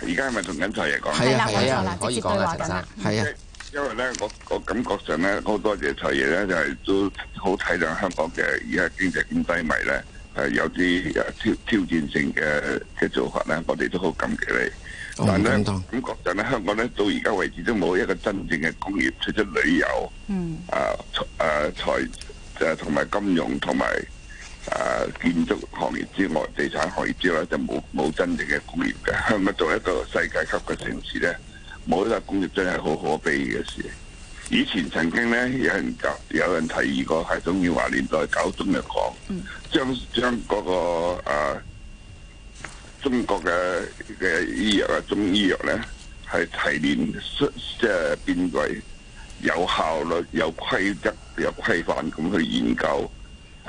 而家係咪同緊財爺講？係啊，係啊，可以講嘅。陳生，係啊，因為咧，我我感覺上咧，好多謝財爺咧，就係、是、都好體諒香港嘅而家經濟咁低迷咧，係有啲挑挑戰性嘅嘅做法咧，我哋都好感激你。但唔諗感，感覺上咧，香港咧到而家為止都冇一個真正嘅工業，除咗旅遊，嗯，啊，誒財誒同埋金融同埋。和誒、啊、建築行業之外，地產行業之外就冇冇真正嘅工業嘅。香港做一個世界級嘅城市咧，冇呢個工業真係好可悲嘅事。以前曾經咧有人有人提議過，係董建華年代搞中藥港、嗯，將將嗰、那個、啊、中國嘅嘅醫藥啊中醫藥咧係提煉，即、就、係、是、變為有效率、有規則、有規範咁去研究。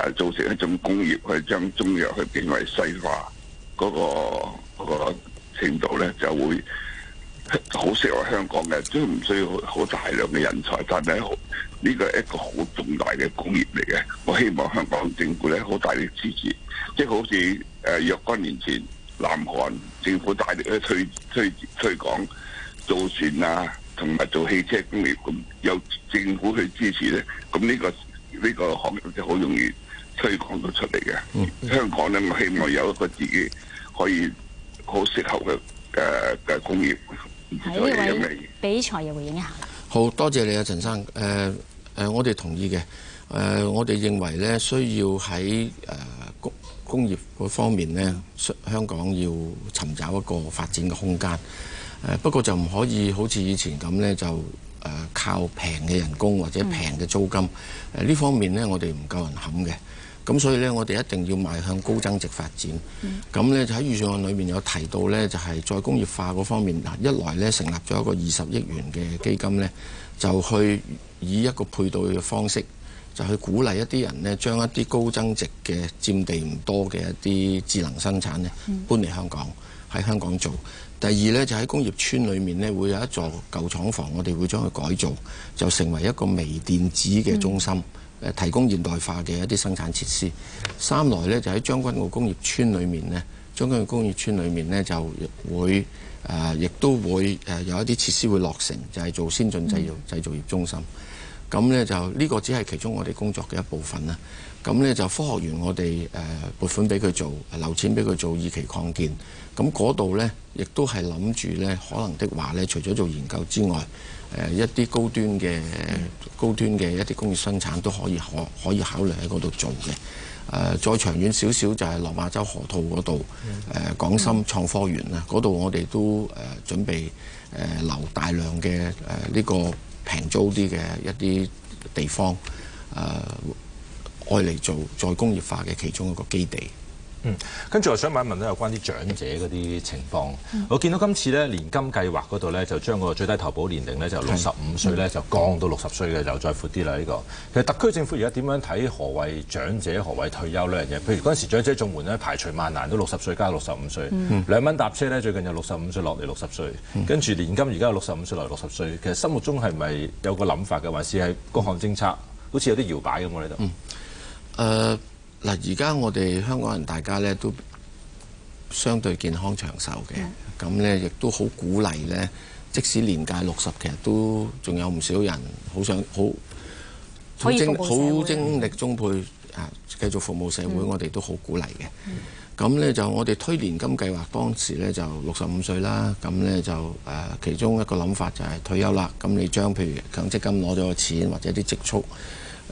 啊！造成一種工業去將中藥去變為西化嗰個嗰個程度咧，就會好適合香港嘅，即係唔需要好大量嘅人才。但係呢個係一個好重大嘅工業嚟嘅，我希望香港政府咧好大力支持。即係好似誒若干年前，南韓政府大力去推推推廣造船啊，同埋做汽車工業咁，有政府去支持咧，咁呢個呢個行業就好容易。推廣到出嚟嘅，香港咧，我希望有一個自己可以好適合嘅誒嘅工業。影好，回應比賽嘅回應一下。好多謝你啊，陳生。誒、呃、誒，我哋同意嘅。誒、呃，我哋認為咧，需要喺誒工工業嗰方面咧，香港要尋找一個發展嘅空間。誒、呃，不過就唔可以好似以前咁咧，就誒靠平嘅人工或者平嘅租金。誒、嗯，呢方面咧，我哋唔夠人冚嘅。咁所以咧，我哋一定要邁向高增值發展。咁、嗯、咧就喺預算案裏面有提到咧，就係再工業化嗰方面，一來咧，成立咗一個二十億元嘅基金咧，就去以一個配對嘅方式，就去鼓勵一啲人呢，將一啲高增值嘅佔地唔多嘅一啲智能生產咧，搬嚟香港喺、嗯、香港做。第二咧就喺工業村裏面咧，會有一座舊廠房，我哋會將佢改造，就成為一個微電子嘅中心。嗯提供現代化嘅一啲生產設施，三來呢，就喺將軍澳工業村裏面呢，將軍澳工業村裏面呢，就會誒，亦、呃、都會、呃、有一啲設施會落成，就係、係、做先進製造製造業中心。咁、嗯、呢，就呢、呢個只係其中我哋工作嘅一部分啦。咁呢就科學園，我哋誒撥款俾佢做留錢俾佢做二期擴建。咁嗰度呢，亦都係諗住呢，可能的話呢，除咗做研究之外，誒、嗯呃、一啲高端嘅高端嘅一啲工業生產都可以可可以考慮喺嗰度做嘅。誒、呃，再長遠少少就係落馬洲河套嗰度，誒、嗯呃、港深創科園啊，嗰、嗯、度我哋都誒準備誒、呃、留大量嘅誒呢個平租啲嘅一啲地方誒。呃我嚟做再工業化嘅其中一個基地。嗯，跟住我想問一問咧，有關啲長者嗰啲情況。嗯。我見到今次咧年金計劃嗰度咧，就將個最低投保年齡咧就六十五歲咧，就降到六十歲嘅，就再闊啲啦。呢，這個，嗯、其實特區政府而家點樣睇何謂長者，何謂退休呢樣嘢？譬如嗰陣時長者綜援咧，排除萬難都六十歲加六十五歲，嗯、兩蚊搭車咧。最近有六十五歲落嚟六十歲，跟住年金而家六十五歲落嚟六十歲。其實心目中係咪有個諗法嘅，還是係各項政策好似有啲搖擺咁？我哋都嗯。誒、呃、嗱，而家我哋香港人大家咧都相對健康長壽嘅，咁咧亦都好鼓勵咧。即使年屆六十，其實都仲有唔少人好想好精好精力充沛，繼續服務社會，我哋都好鼓勵嘅。我哋都好鼓勵嘅。咁咧就我哋推年金計劃，當時咧就六十五歲啦，咁咧就誒、呃、其中一個諗法就係退休啦。咁你將譬如強積金攞咗個錢或者啲積蓄。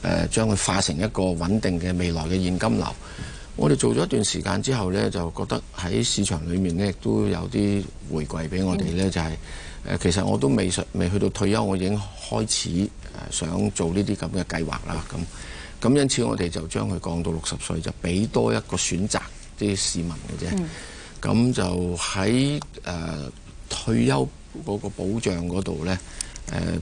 誒、呃、將佢化成一個穩定嘅未來嘅現金流。我哋做咗一段時間之後呢，就覺得喺市場裏面呢，亦都有啲回饋俾我哋呢，就係、是呃、其實我都未未去到退休，我已經開始想做呢啲咁嘅計劃啦。咁咁因此我哋就將佢降到六十歲，就俾多一個選擇啲、就是、市民嘅啫。咁、嗯、就喺、呃、退休嗰個保障嗰度呢。呃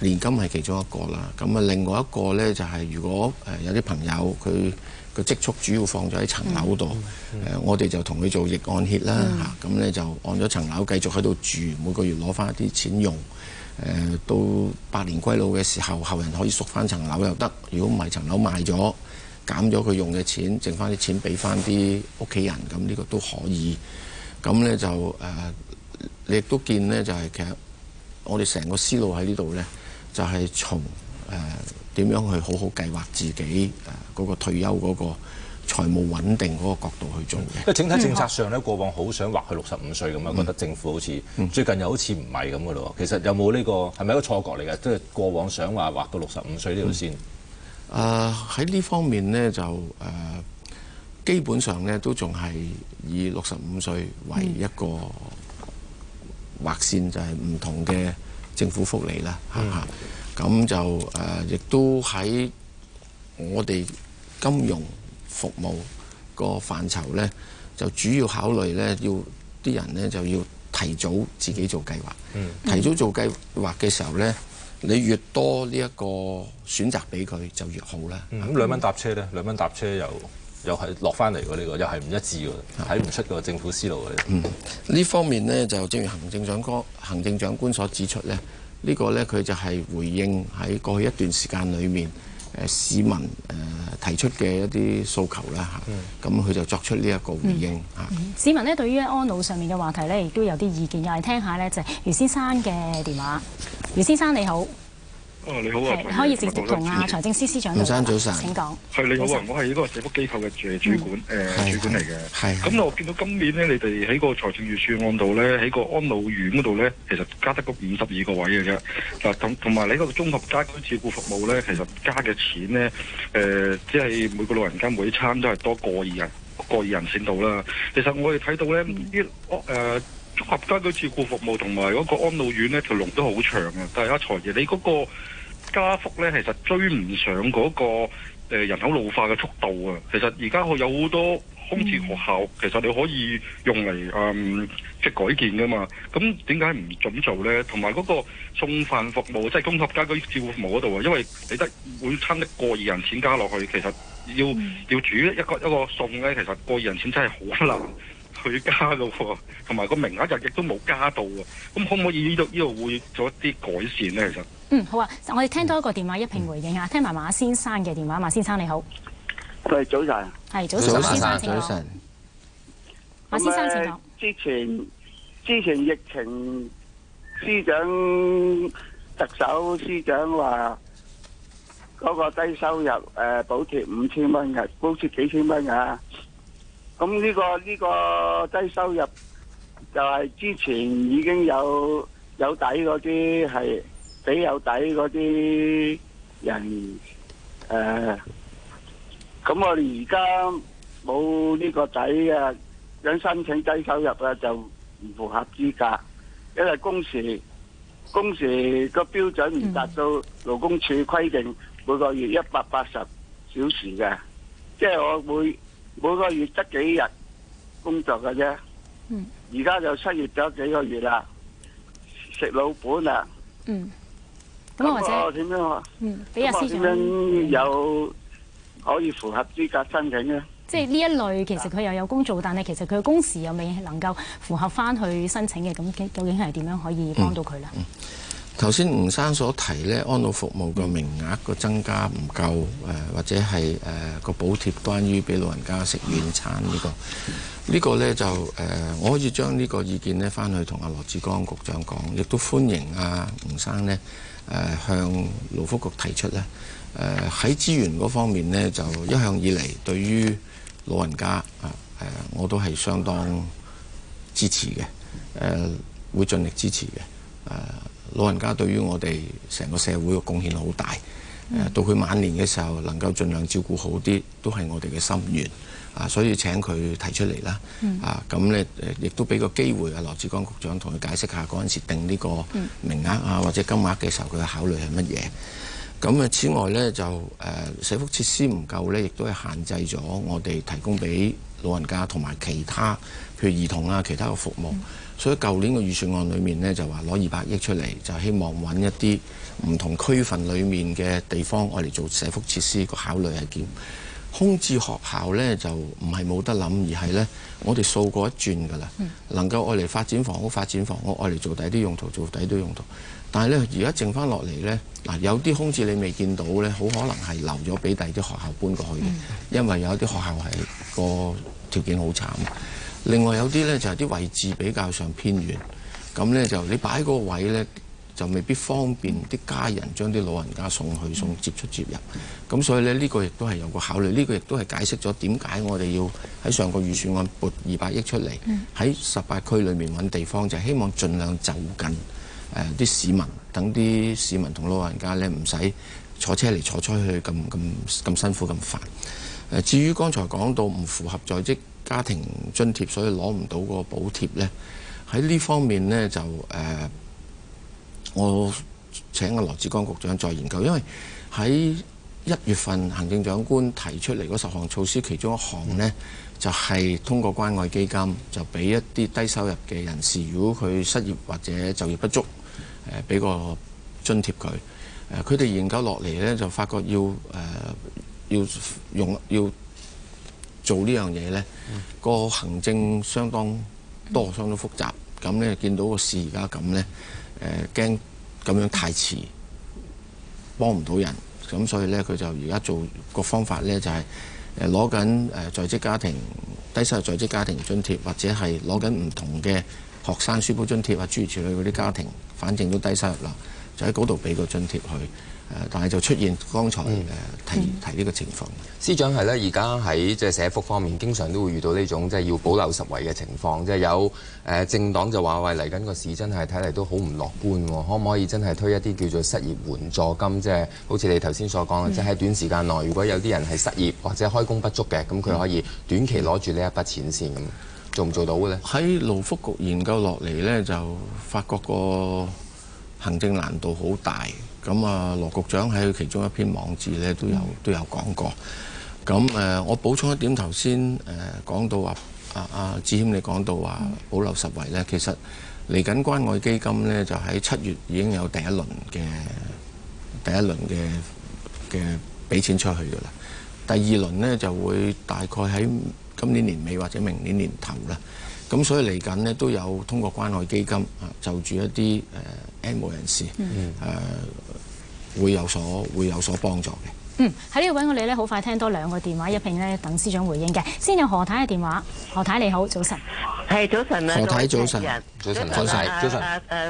年金係其中一個啦，咁啊另外一個呢，就係如果誒有啲朋友佢個積蓄主要放咗喺層樓度，誒、嗯嗯嗯、我哋就同佢做逆按揭啦，嚇咁呢，就按咗層樓繼續喺度住，每個月攞翻一啲錢用，誒到百年歸老嘅時候，後人可以贖翻層樓又得。如果唔係層樓賣咗，減咗佢用嘅錢，剩翻啲錢俾翻啲屋企人，咁呢個都可以。咁呢，就誒你亦都見呢，就係其實我哋成個思路喺呢度呢。就係、是、從誒點、呃、樣去好好計劃自己誒嗰、呃嗰個退休嗰個財務穩定嗰個角度去做嘅、嗯。係整體政策上咧、嗯，過往好想畫去六十五歲咁啊、嗯，覺得政府好似、嗯、最近又好似唔係咁嘅咯。其實有冇呢、呢個係咪一個錯覺嚟嘅？即、就、係、是、過往想話畫到六十五歲呢條線。誒喺呢方面呢，就誒、呃、基本上呢，都仲係以六十五歲為一個畫線，嗯、就係、是、唔同嘅。政府福利啦，嚇、嗯、嚇，咁就誒，亦、呃、都喺我哋金融服務個範疇咧，就主要考慮咧，要啲人咧就要提早自己做計劃，嗯、提早做計劃嘅時候咧，你越多呢一個選擇俾佢就越好啦。咁兩蚊搭車咧，兩蚊搭車又。又係落翻嚟喎，呢個又係唔一致喎，睇唔出個政府思路喎。嗯，呢方面呢，就正如行政長官行政長官所指出咧，這個、呢個咧佢就係回應喺過去一段時間裏面誒、呃、市民誒、呃、提出嘅一啲訴求啦嚇。咁佢就作出呢一個回應嚇、嗯。市民呢，對於安老上面嘅話題咧，亦都有啲意見，又係聽下咧，就係、是、余先生嘅電話。余先生你好。哦、你好啊！你可以直接同啊財政司司長對話。吳生早晨，請講。係，你好啊，我係呢個社福機構嘅主主管，誒、嗯呃、主管嚟嘅。係。咁我見到今年咧，是是是你哋喺個財政預算案度咧，喺個安老院嗰度咧，其實加得個五十二個位嘅啫。嗱、啊，同同埋你個綜合家居照顧服務咧，其實加嘅錢咧，誒、呃，即係每個老人家每一餐都係多過二人過二人線度啦。其實我哋睇到咧，啲屋誒綜合家居照顧服務同埋嗰個安老院咧，條龍都好長是啊。但係啊財爺，你嗰、那個加幅咧，其實追唔上嗰、嗰個、呃、人口老化嘅速度啊！其實而家佢有好多空置學校，其實你可以用嚟誒、嗯、即改建噶嘛。咁點解唔準做咧？同埋嗰個送飯服務，即係公屋家居照顧服務嗰度啊！因為你得每餐一個二人錢加落去，其實要、嗯、要煮一個一個餸咧，其實過二人錢真係好難。佢加咯，同埋個名額又亦都冇加到啊！咁可唔可以呢度呢度會做一啲改善咧？其實嗯，好啊！我哋聽到一個電話一並回應啊、嗯！聽埋馬先生嘅電話，馬先生你好，係早晨，係早晨，早晨，早晨。講。馬先生前，請講。之前之前疫情司長特首司長話，嗰、嗰個低收入誒補貼五千蚊嘅，高至幾千蚊啊。咁呢個呢個低收入就係之前已經有有底嗰啲係俾有底嗰啲人誒，咁，呃，我哋而家冇呢個底啊，想申請低收入啊就唔符合資格，因為工時工時個標準唔達到勞工處規定每個月一百八十小時嘅，即係我每。每個月得幾日工作㗎啫，而家就失業咗幾個月啦，食老本啦。咁或者點樣啊？嗯，俾阿先生，有可以符合資格申請咧？即係呢一類，其實佢又有工做，嗯，但係其實佢嘅工時又未能夠符合翻去申請嘅。咁究竟係點樣可以幫到佢咧？嗯嗯頭先吳生所提咧，安老服務個名額個增加唔夠，誒、呃、或者係誒個補貼關於俾老人家食軟餐呢個呢、呢個呢，就誒、呃、我可以將呢個意見呢翻去同阿羅致光局長講，亦都歡迎阿、啊、吳生呢誒、呃、向勞福局提出呢誒喺資源嗰方面呢，就一向以嚟對於老人家啊、呃、我都係相當支持嘅誒、呃、會盡力支持嘅誒。呃老人家對於我哋成個社會嘅貢獻好大，嗯、到佢晚年嘅時候能夠儘量照顧好啲，都係我哋嘅心願。啊！所以請佢提出嚟啦、嗯，啊咁呢亦都俾個機會啊羅志剛局長同佢解釋下嗰陣時，定呢個名額啊或者金額嘅時候佢嘅考慮係乜嘢？咁啊，此外呢，就誒、呃、社福設施唔夠呢，亦都係限制咗我哋提供俾老人家同埋其他譬如兒童啊其他嘅服務。嗯所以舊年個預算案裏面咧，就話攞二百億出嚟，就希望揾一啲唔同區份裏面嘅地方，愛嚟做社福設施、個考慮係點空置學校呢，就唔係冇得諗，而係呢，我哋掃過一轉噶啦，能夠愛嚟發展房屋、發展房屋，愛嚟做底啲用途、做底啲用途。但係呢，而家剩翻落嚟呢，嗱有啲空置你未見到呢，好可能係留咗俾第二啲學校搬過去嘅、嗯，因為有啲學校係個條件好慘。另外有啲呢，就係、是、啲位置比較上偏遠，咁呢，就你擺個位置呢，就未必方便啲家人將啲老人家送去送接出接入，咁所以呢，呢、這個亦都係有個考慮，呢、這個亦都係解釋咗點解我哋要喺上個預算案撥二百億出嚟喺十八區裏面揾地方，就是、希望盡量走近啲、呃、市民，等啲市民同老人家呢，唔使坐車嚟坐車去咁咁咁辛苦咁煩、呃。至於剛才講到唔符合在職。家庭津貼，所以攞唔到個補貼呢。喺呢方面呢，就、呃、我請阿羅志剛局長再研究，因為喺一月份行政長官提出嚟嗰十項措施，其中一項呢，就係、是、通過關愛基金，就俾一啲低收入嘅人士，如果佢失業或者就業不足，誒俾個津貼佢。佢、呃、哋研究落嚟呢，就發覺要、呃、要用要。做呢樣嘢呢個行政相當多，相當複雜。咁咧見到個事而家咁呢，誒驚咁樣太遲，幫唔到人。咁所以呢，佢就而家做個方法呢，就係攞緊誒在職家庭低收入在職家庭津貼，或者係攞緊唔同嘅學生書簿津貼啊，或者諸如此類嗰啲家庭，反正都低收入啦，就喺嗰度俾個津貼佢。誒，但係就出現剛才誒提、嗯、提呢個情況。司長係咧，而家喺即係社福方面，經常都會遇到呢種即係、就是、要保留實位嘅情況。即、就、係、是、有誒、呃、政黨就話，喂嚟緊個市真係睇嚟都好唔樂觀、哦嗯、可唔可以真係推一啲叫做失業援助金？即係好似你頭先所講，即係喺短時間內，如果有啲人係失業或者開工不足嘅，咁佢可以短期攞住呢一筆錢先咁，嗯、做唔做到嘅咧？喺勞福局研究落嚟咧，就發覺個行政難度好大。咁啊，羅局長喺其中一篇網誌咧都有、嗯、都有講過。咁我補充一點，頭先誒講到話啊啊，志謙你講到話啊，保留實惠咧、嗯，其實嚟緊關愛基金咧就喺七月已經有第一輪嘅第一輪嘅嘅俾錢出去噶啦。第二輪咧就會大概喺今年年尾或者明年年頭啦。咁所以嚟緊咧都有通過關愛基金啊，就住一啲誒 m 人士誒、嗯呃、會有所會有所幫助嘅。嗯，喺呢度揾我你咧，好快聽多兩個電話一併咧，等司長回應嘅。先有何太嘅電話，何太你好，早晨。係早晨，何太早晨，早晨早晨早晨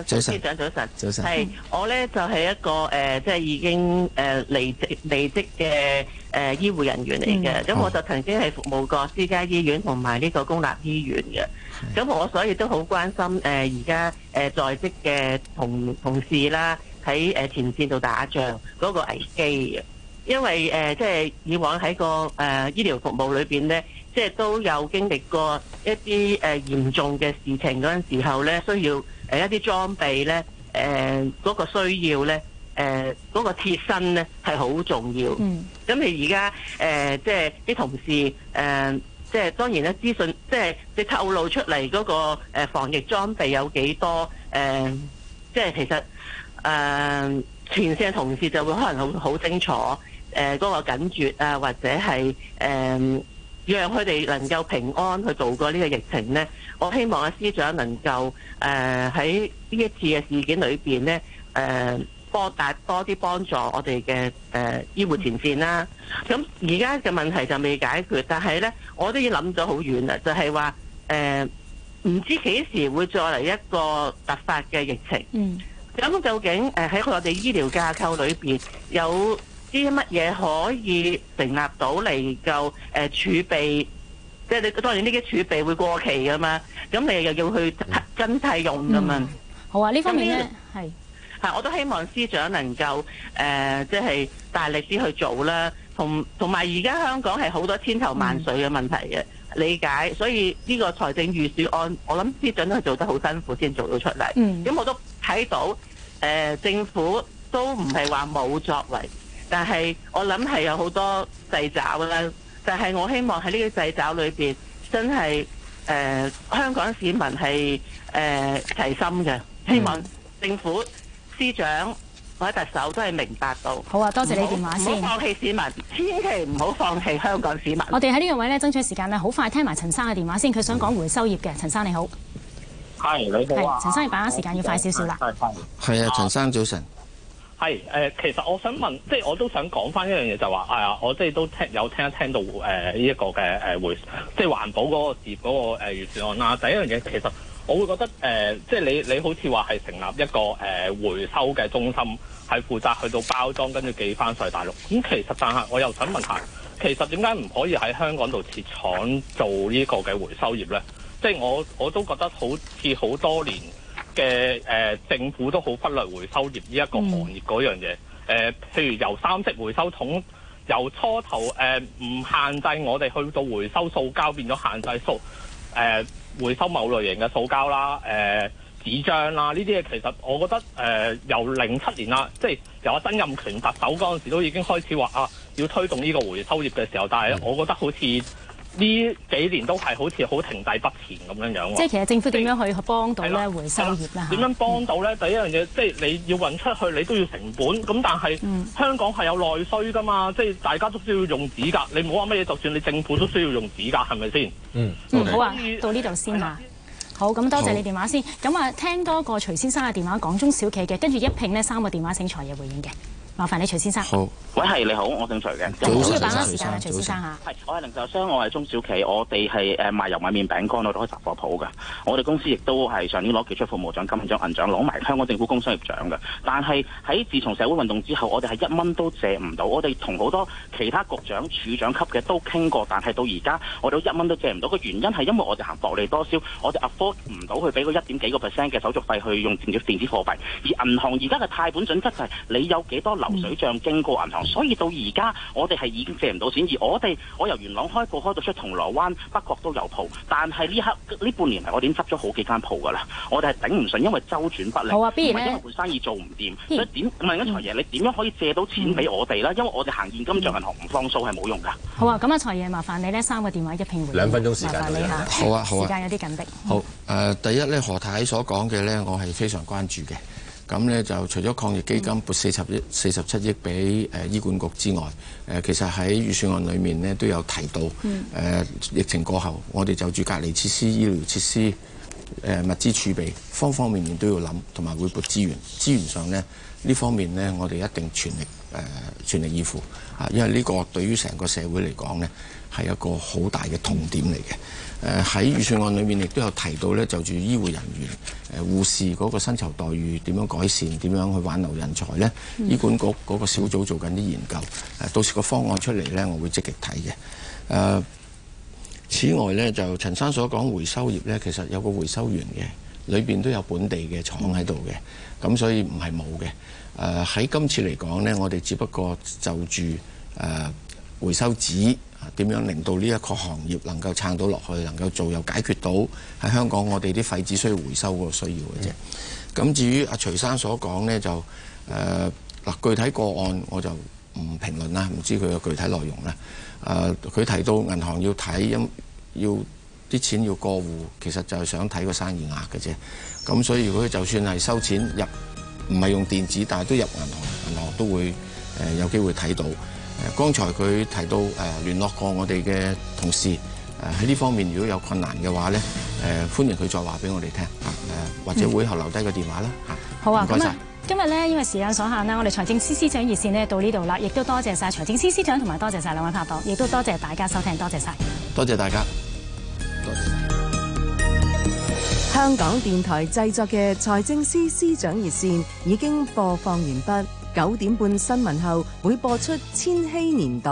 早晨早晨。係、啊啊啊、我咧就係、是、一個誒、呃，即係已經誒離職離職嘅誒、呃、醫護人員嚟嘅。咁、嗯、我就曾經係服務過私家醫院同埋呢個公立醫院嘅。咁我所以都好關心誒，而家誒在職嘅同同事啦，喺誒前線度打仗嗰個危機，因為誒即係以往喺個誒醫療服務裏邊咧，即係都有經歷過一啲誒嚴重嘅事情嗰陣時候咧，需要誒一啲裝備咧，誒嗰個需要咧，誒嗰個貼身咧係好重要。嗯，咁你而家誒即係啲同事誒。即係當然咧，資訊即係你透露出嚟嗰個防疫裝備有幾多？誒、呃、即係其實誒、呃、前線嘅同事就會可能好好清楚誒嗰、呃嗰個緊絕啊，或者係誒、呃、讓佢哋能夠平安去度過呢個疫情咧。我希望阿司長能夠誒喺呢一次嘅事件裏邊咧誒。呃多大多啲幫助我哋嘅誒醫護前線啦、啊。咁而家嘅問題就未解決，但係咧，我都已經諗咗好遠啦，就係話誒，唔、呃、知幾時會再嚟一個突發嘅疫情。嗯。咁究竟誒喺我哋醫療架構裏邊有啲乜嘢可以成立到嚟夠誒儲備？即係你當然呢啲儲備會過期㗎嘛。咁你又要去真替用㗎嘛、嗯。好啊，呢方面係。嚇！我都希望司長能夠誒，即係大力啲去做啦。同同埋而家香港係好多千頭萬緒嘅問題嘅理解，所以呢個財政預算案，我諗司長都係做得好辛苦先做到出嚟。咁我都睇到誒政府都唔係話冇作為，但係我諗係有好多掣肘啦。但係我希望喺呢個掣肘裏邊，真係誒香港市民係誒齊心嘅，希望政府。司長，我一隻手都係明白到。好啊，多謝你電話先。唔好放棄市民，千祈唔好放棄香港市民。我哋喺呢個位咧，爭取時間咧，好快聽埋陳生嘅電話先。佢想講回收業嘅，陳生你好。係你好，啊。係陳生，把握時間要快少少啦。係係。係啊，陳生早晨。係誒、呃，其實我想問，即係我都想講翻一樣嘢，就話、是、誒、哎，我即係都聽有聽一聽到誒呢一個嘅誒回，即係環保嗰個業嗰、那個誒預、呃、算案。嗱、啊，第、就是、一樣嘢其實。我會覺得誒、呃，即係你你好似話係成立一個誒、呃、回收嘅中心，係負責去到包裝，跟住寄翻曬大陸。咁、嗯、其實，但係，我又想問下，其實點解唔可以喺香港度設廠做呢個嘅回收業呢？即係我我都覺得好似好多年嘅誒、呃、政府都好忽略回收業呢一個行業嗰樣嘢。誒、嗯呃，譬如由三色回收桶，由初頭誒唔、呃、限制我哋去到回收塑膠，變咗限制塑誒。呃回收某類型嘅塑膠啦、誒、呃、紙張啦，呢啲嘢其實我覺得誒、呃、由零七年啦，即係由阿曾蔭權特首嗰陣時都已經開始話啊，要推動呢個回收業嘅時候，但係我覺得好似。呢幾年都係好似好停滯不前咁樣樣喎。即係其實政府點樣去幫到咧回收業咧嚇？點樣幫到咧、嗯？第一樣嘢即係你要運出去，你都要成本。咁但係香港係有內需噶嘛？即係大家都需要用紙噶。你唔好話乜嘢，就算你政府都需要用紙噶，係咪先？嗯、okay. 嗯，好啊，到呢度先嘛。好，咁多謝你電話先。咁啊，聽多個徐先生嘅電話，港中小企嘅，跟住一拼呢三個電話請財爺回應嘅。麻煩你徐先生。好，喂，係你好，我姓徐嘅。早安，徐先生。早安。我要把握時間啊，徐先生。我係零售商，我係中小企，我哋係誒賣油米麵餅乾，我哋開雜貨鋪嘅。我哋公司亦都係上年攞傑出服務獎金獎銀獎，攞埋香港政府工商業獎嘅。但係喺自從社會運動之後，我哋係一蚊都借唔到。我哋同好多其他局長、處長級嘅都傾過，但係到而家我哋一蚊都借唔到。個原因係因為我哋行薄利多銷，我哋 afford 唔到去俾嗰一點幾個 percent 嘅手續費去用電子電子貨幣。而銀行而家嘅貸款準則就係你有幾多樓流水帳經過銀行，所以到而家我哋係已經借唔到錢。而我哋我由元朗開鋪開到出銅鑼灣，北角都有鋪。但係呢刻呢半年嚟，我已經執咗好幾間鋪㗎啦。我哋係頂唔順，因為周轉不靈，唔係、啊、因為本生意做唔掂。所以點問緊財爺，你點樣可以借到錢俾我哋啦？因為我哋行現金帳銀行，唔放數係冇用㗎。好啊，咁啊，財爺，麻煩你呢三個電話一併回，兩分鐘時間好啊，好啊，時間有啲緊迫。好，啊好呃，第一咧，何太所講嘅咧，我係非常關注嘅。咁咧就除咗抗疫基金撥四十億、四十七億俾誒醫管局之外，誒其實喺預算案裡面咧都有提到，誒、嗯呃、疫情過後我哋就住隔離設施、醫療設施、誒、呃、物資儲備，方方面面都要諗，同埋會撥資源。資源上咧呢這方面咧，我哋一定全力誒、呃、全力以赴，啊，因為呢個對於成個社會嚟講咧係一個好大嘅痛點嚟嘅。誒、呃、喺預算案裏面亦都有提到咧，就住醫護人員誒、呃、護士嗰個薪酬待遇點樣改善，點樣去挽留人才呢、嗯、醫管局嗰個小組做緊啲研究，誒、呃、到時個方案出嚟呢，我會積極睇嘅。誒、呃，此外呢，就陳生所講，回收業呢其實有個回收員嘅，裏邊都有本地嘅廠喺度嘅，咁、嗯、所以唔係冇嘅。誒、呃、喺今次嚟講呢，我哋只不過就住誒、呃、回收紙。啊，點樣令到呢一個行業能夠撐到落去，能夠做又解決到喺香港我哋啲廢紙需要回收個需要嘅啫。咁至於阿徐生所講呢，就嗱、呃，具體個案我就唔評論啦，唔知佢嘅具體內容啦。佢、呃、提到銀行要睇，因要啲錢要過戶，其實就係想睇個生意額嘅啫。咁所以，如果佢就算係收錢入，唔係用電子，但係都入銀行，銀行都會、呃、有機會睇到。誒剛才佢提到誒聯絡過我哋嘅同事，誒喺呢方面如果有困難嘅話咧，誒、呃、歡迎佢再話俾我哋聽啊，誒、呃、或者會後留低個電話啦嚇、嗯啊。好啊，唔該曬。今日呢，因為時間所限啦，我哋財政司司長熱線咧到呢度啦，亦都多謝晒財政司司長同埋多謝晒兩位拍檔，亦都多謝大家收聽，多謝晒，多謝大家，多謝香港電台製作嘅財政司司長熱線已經播放完畢。九點半新聞後會播出《千禧年代》。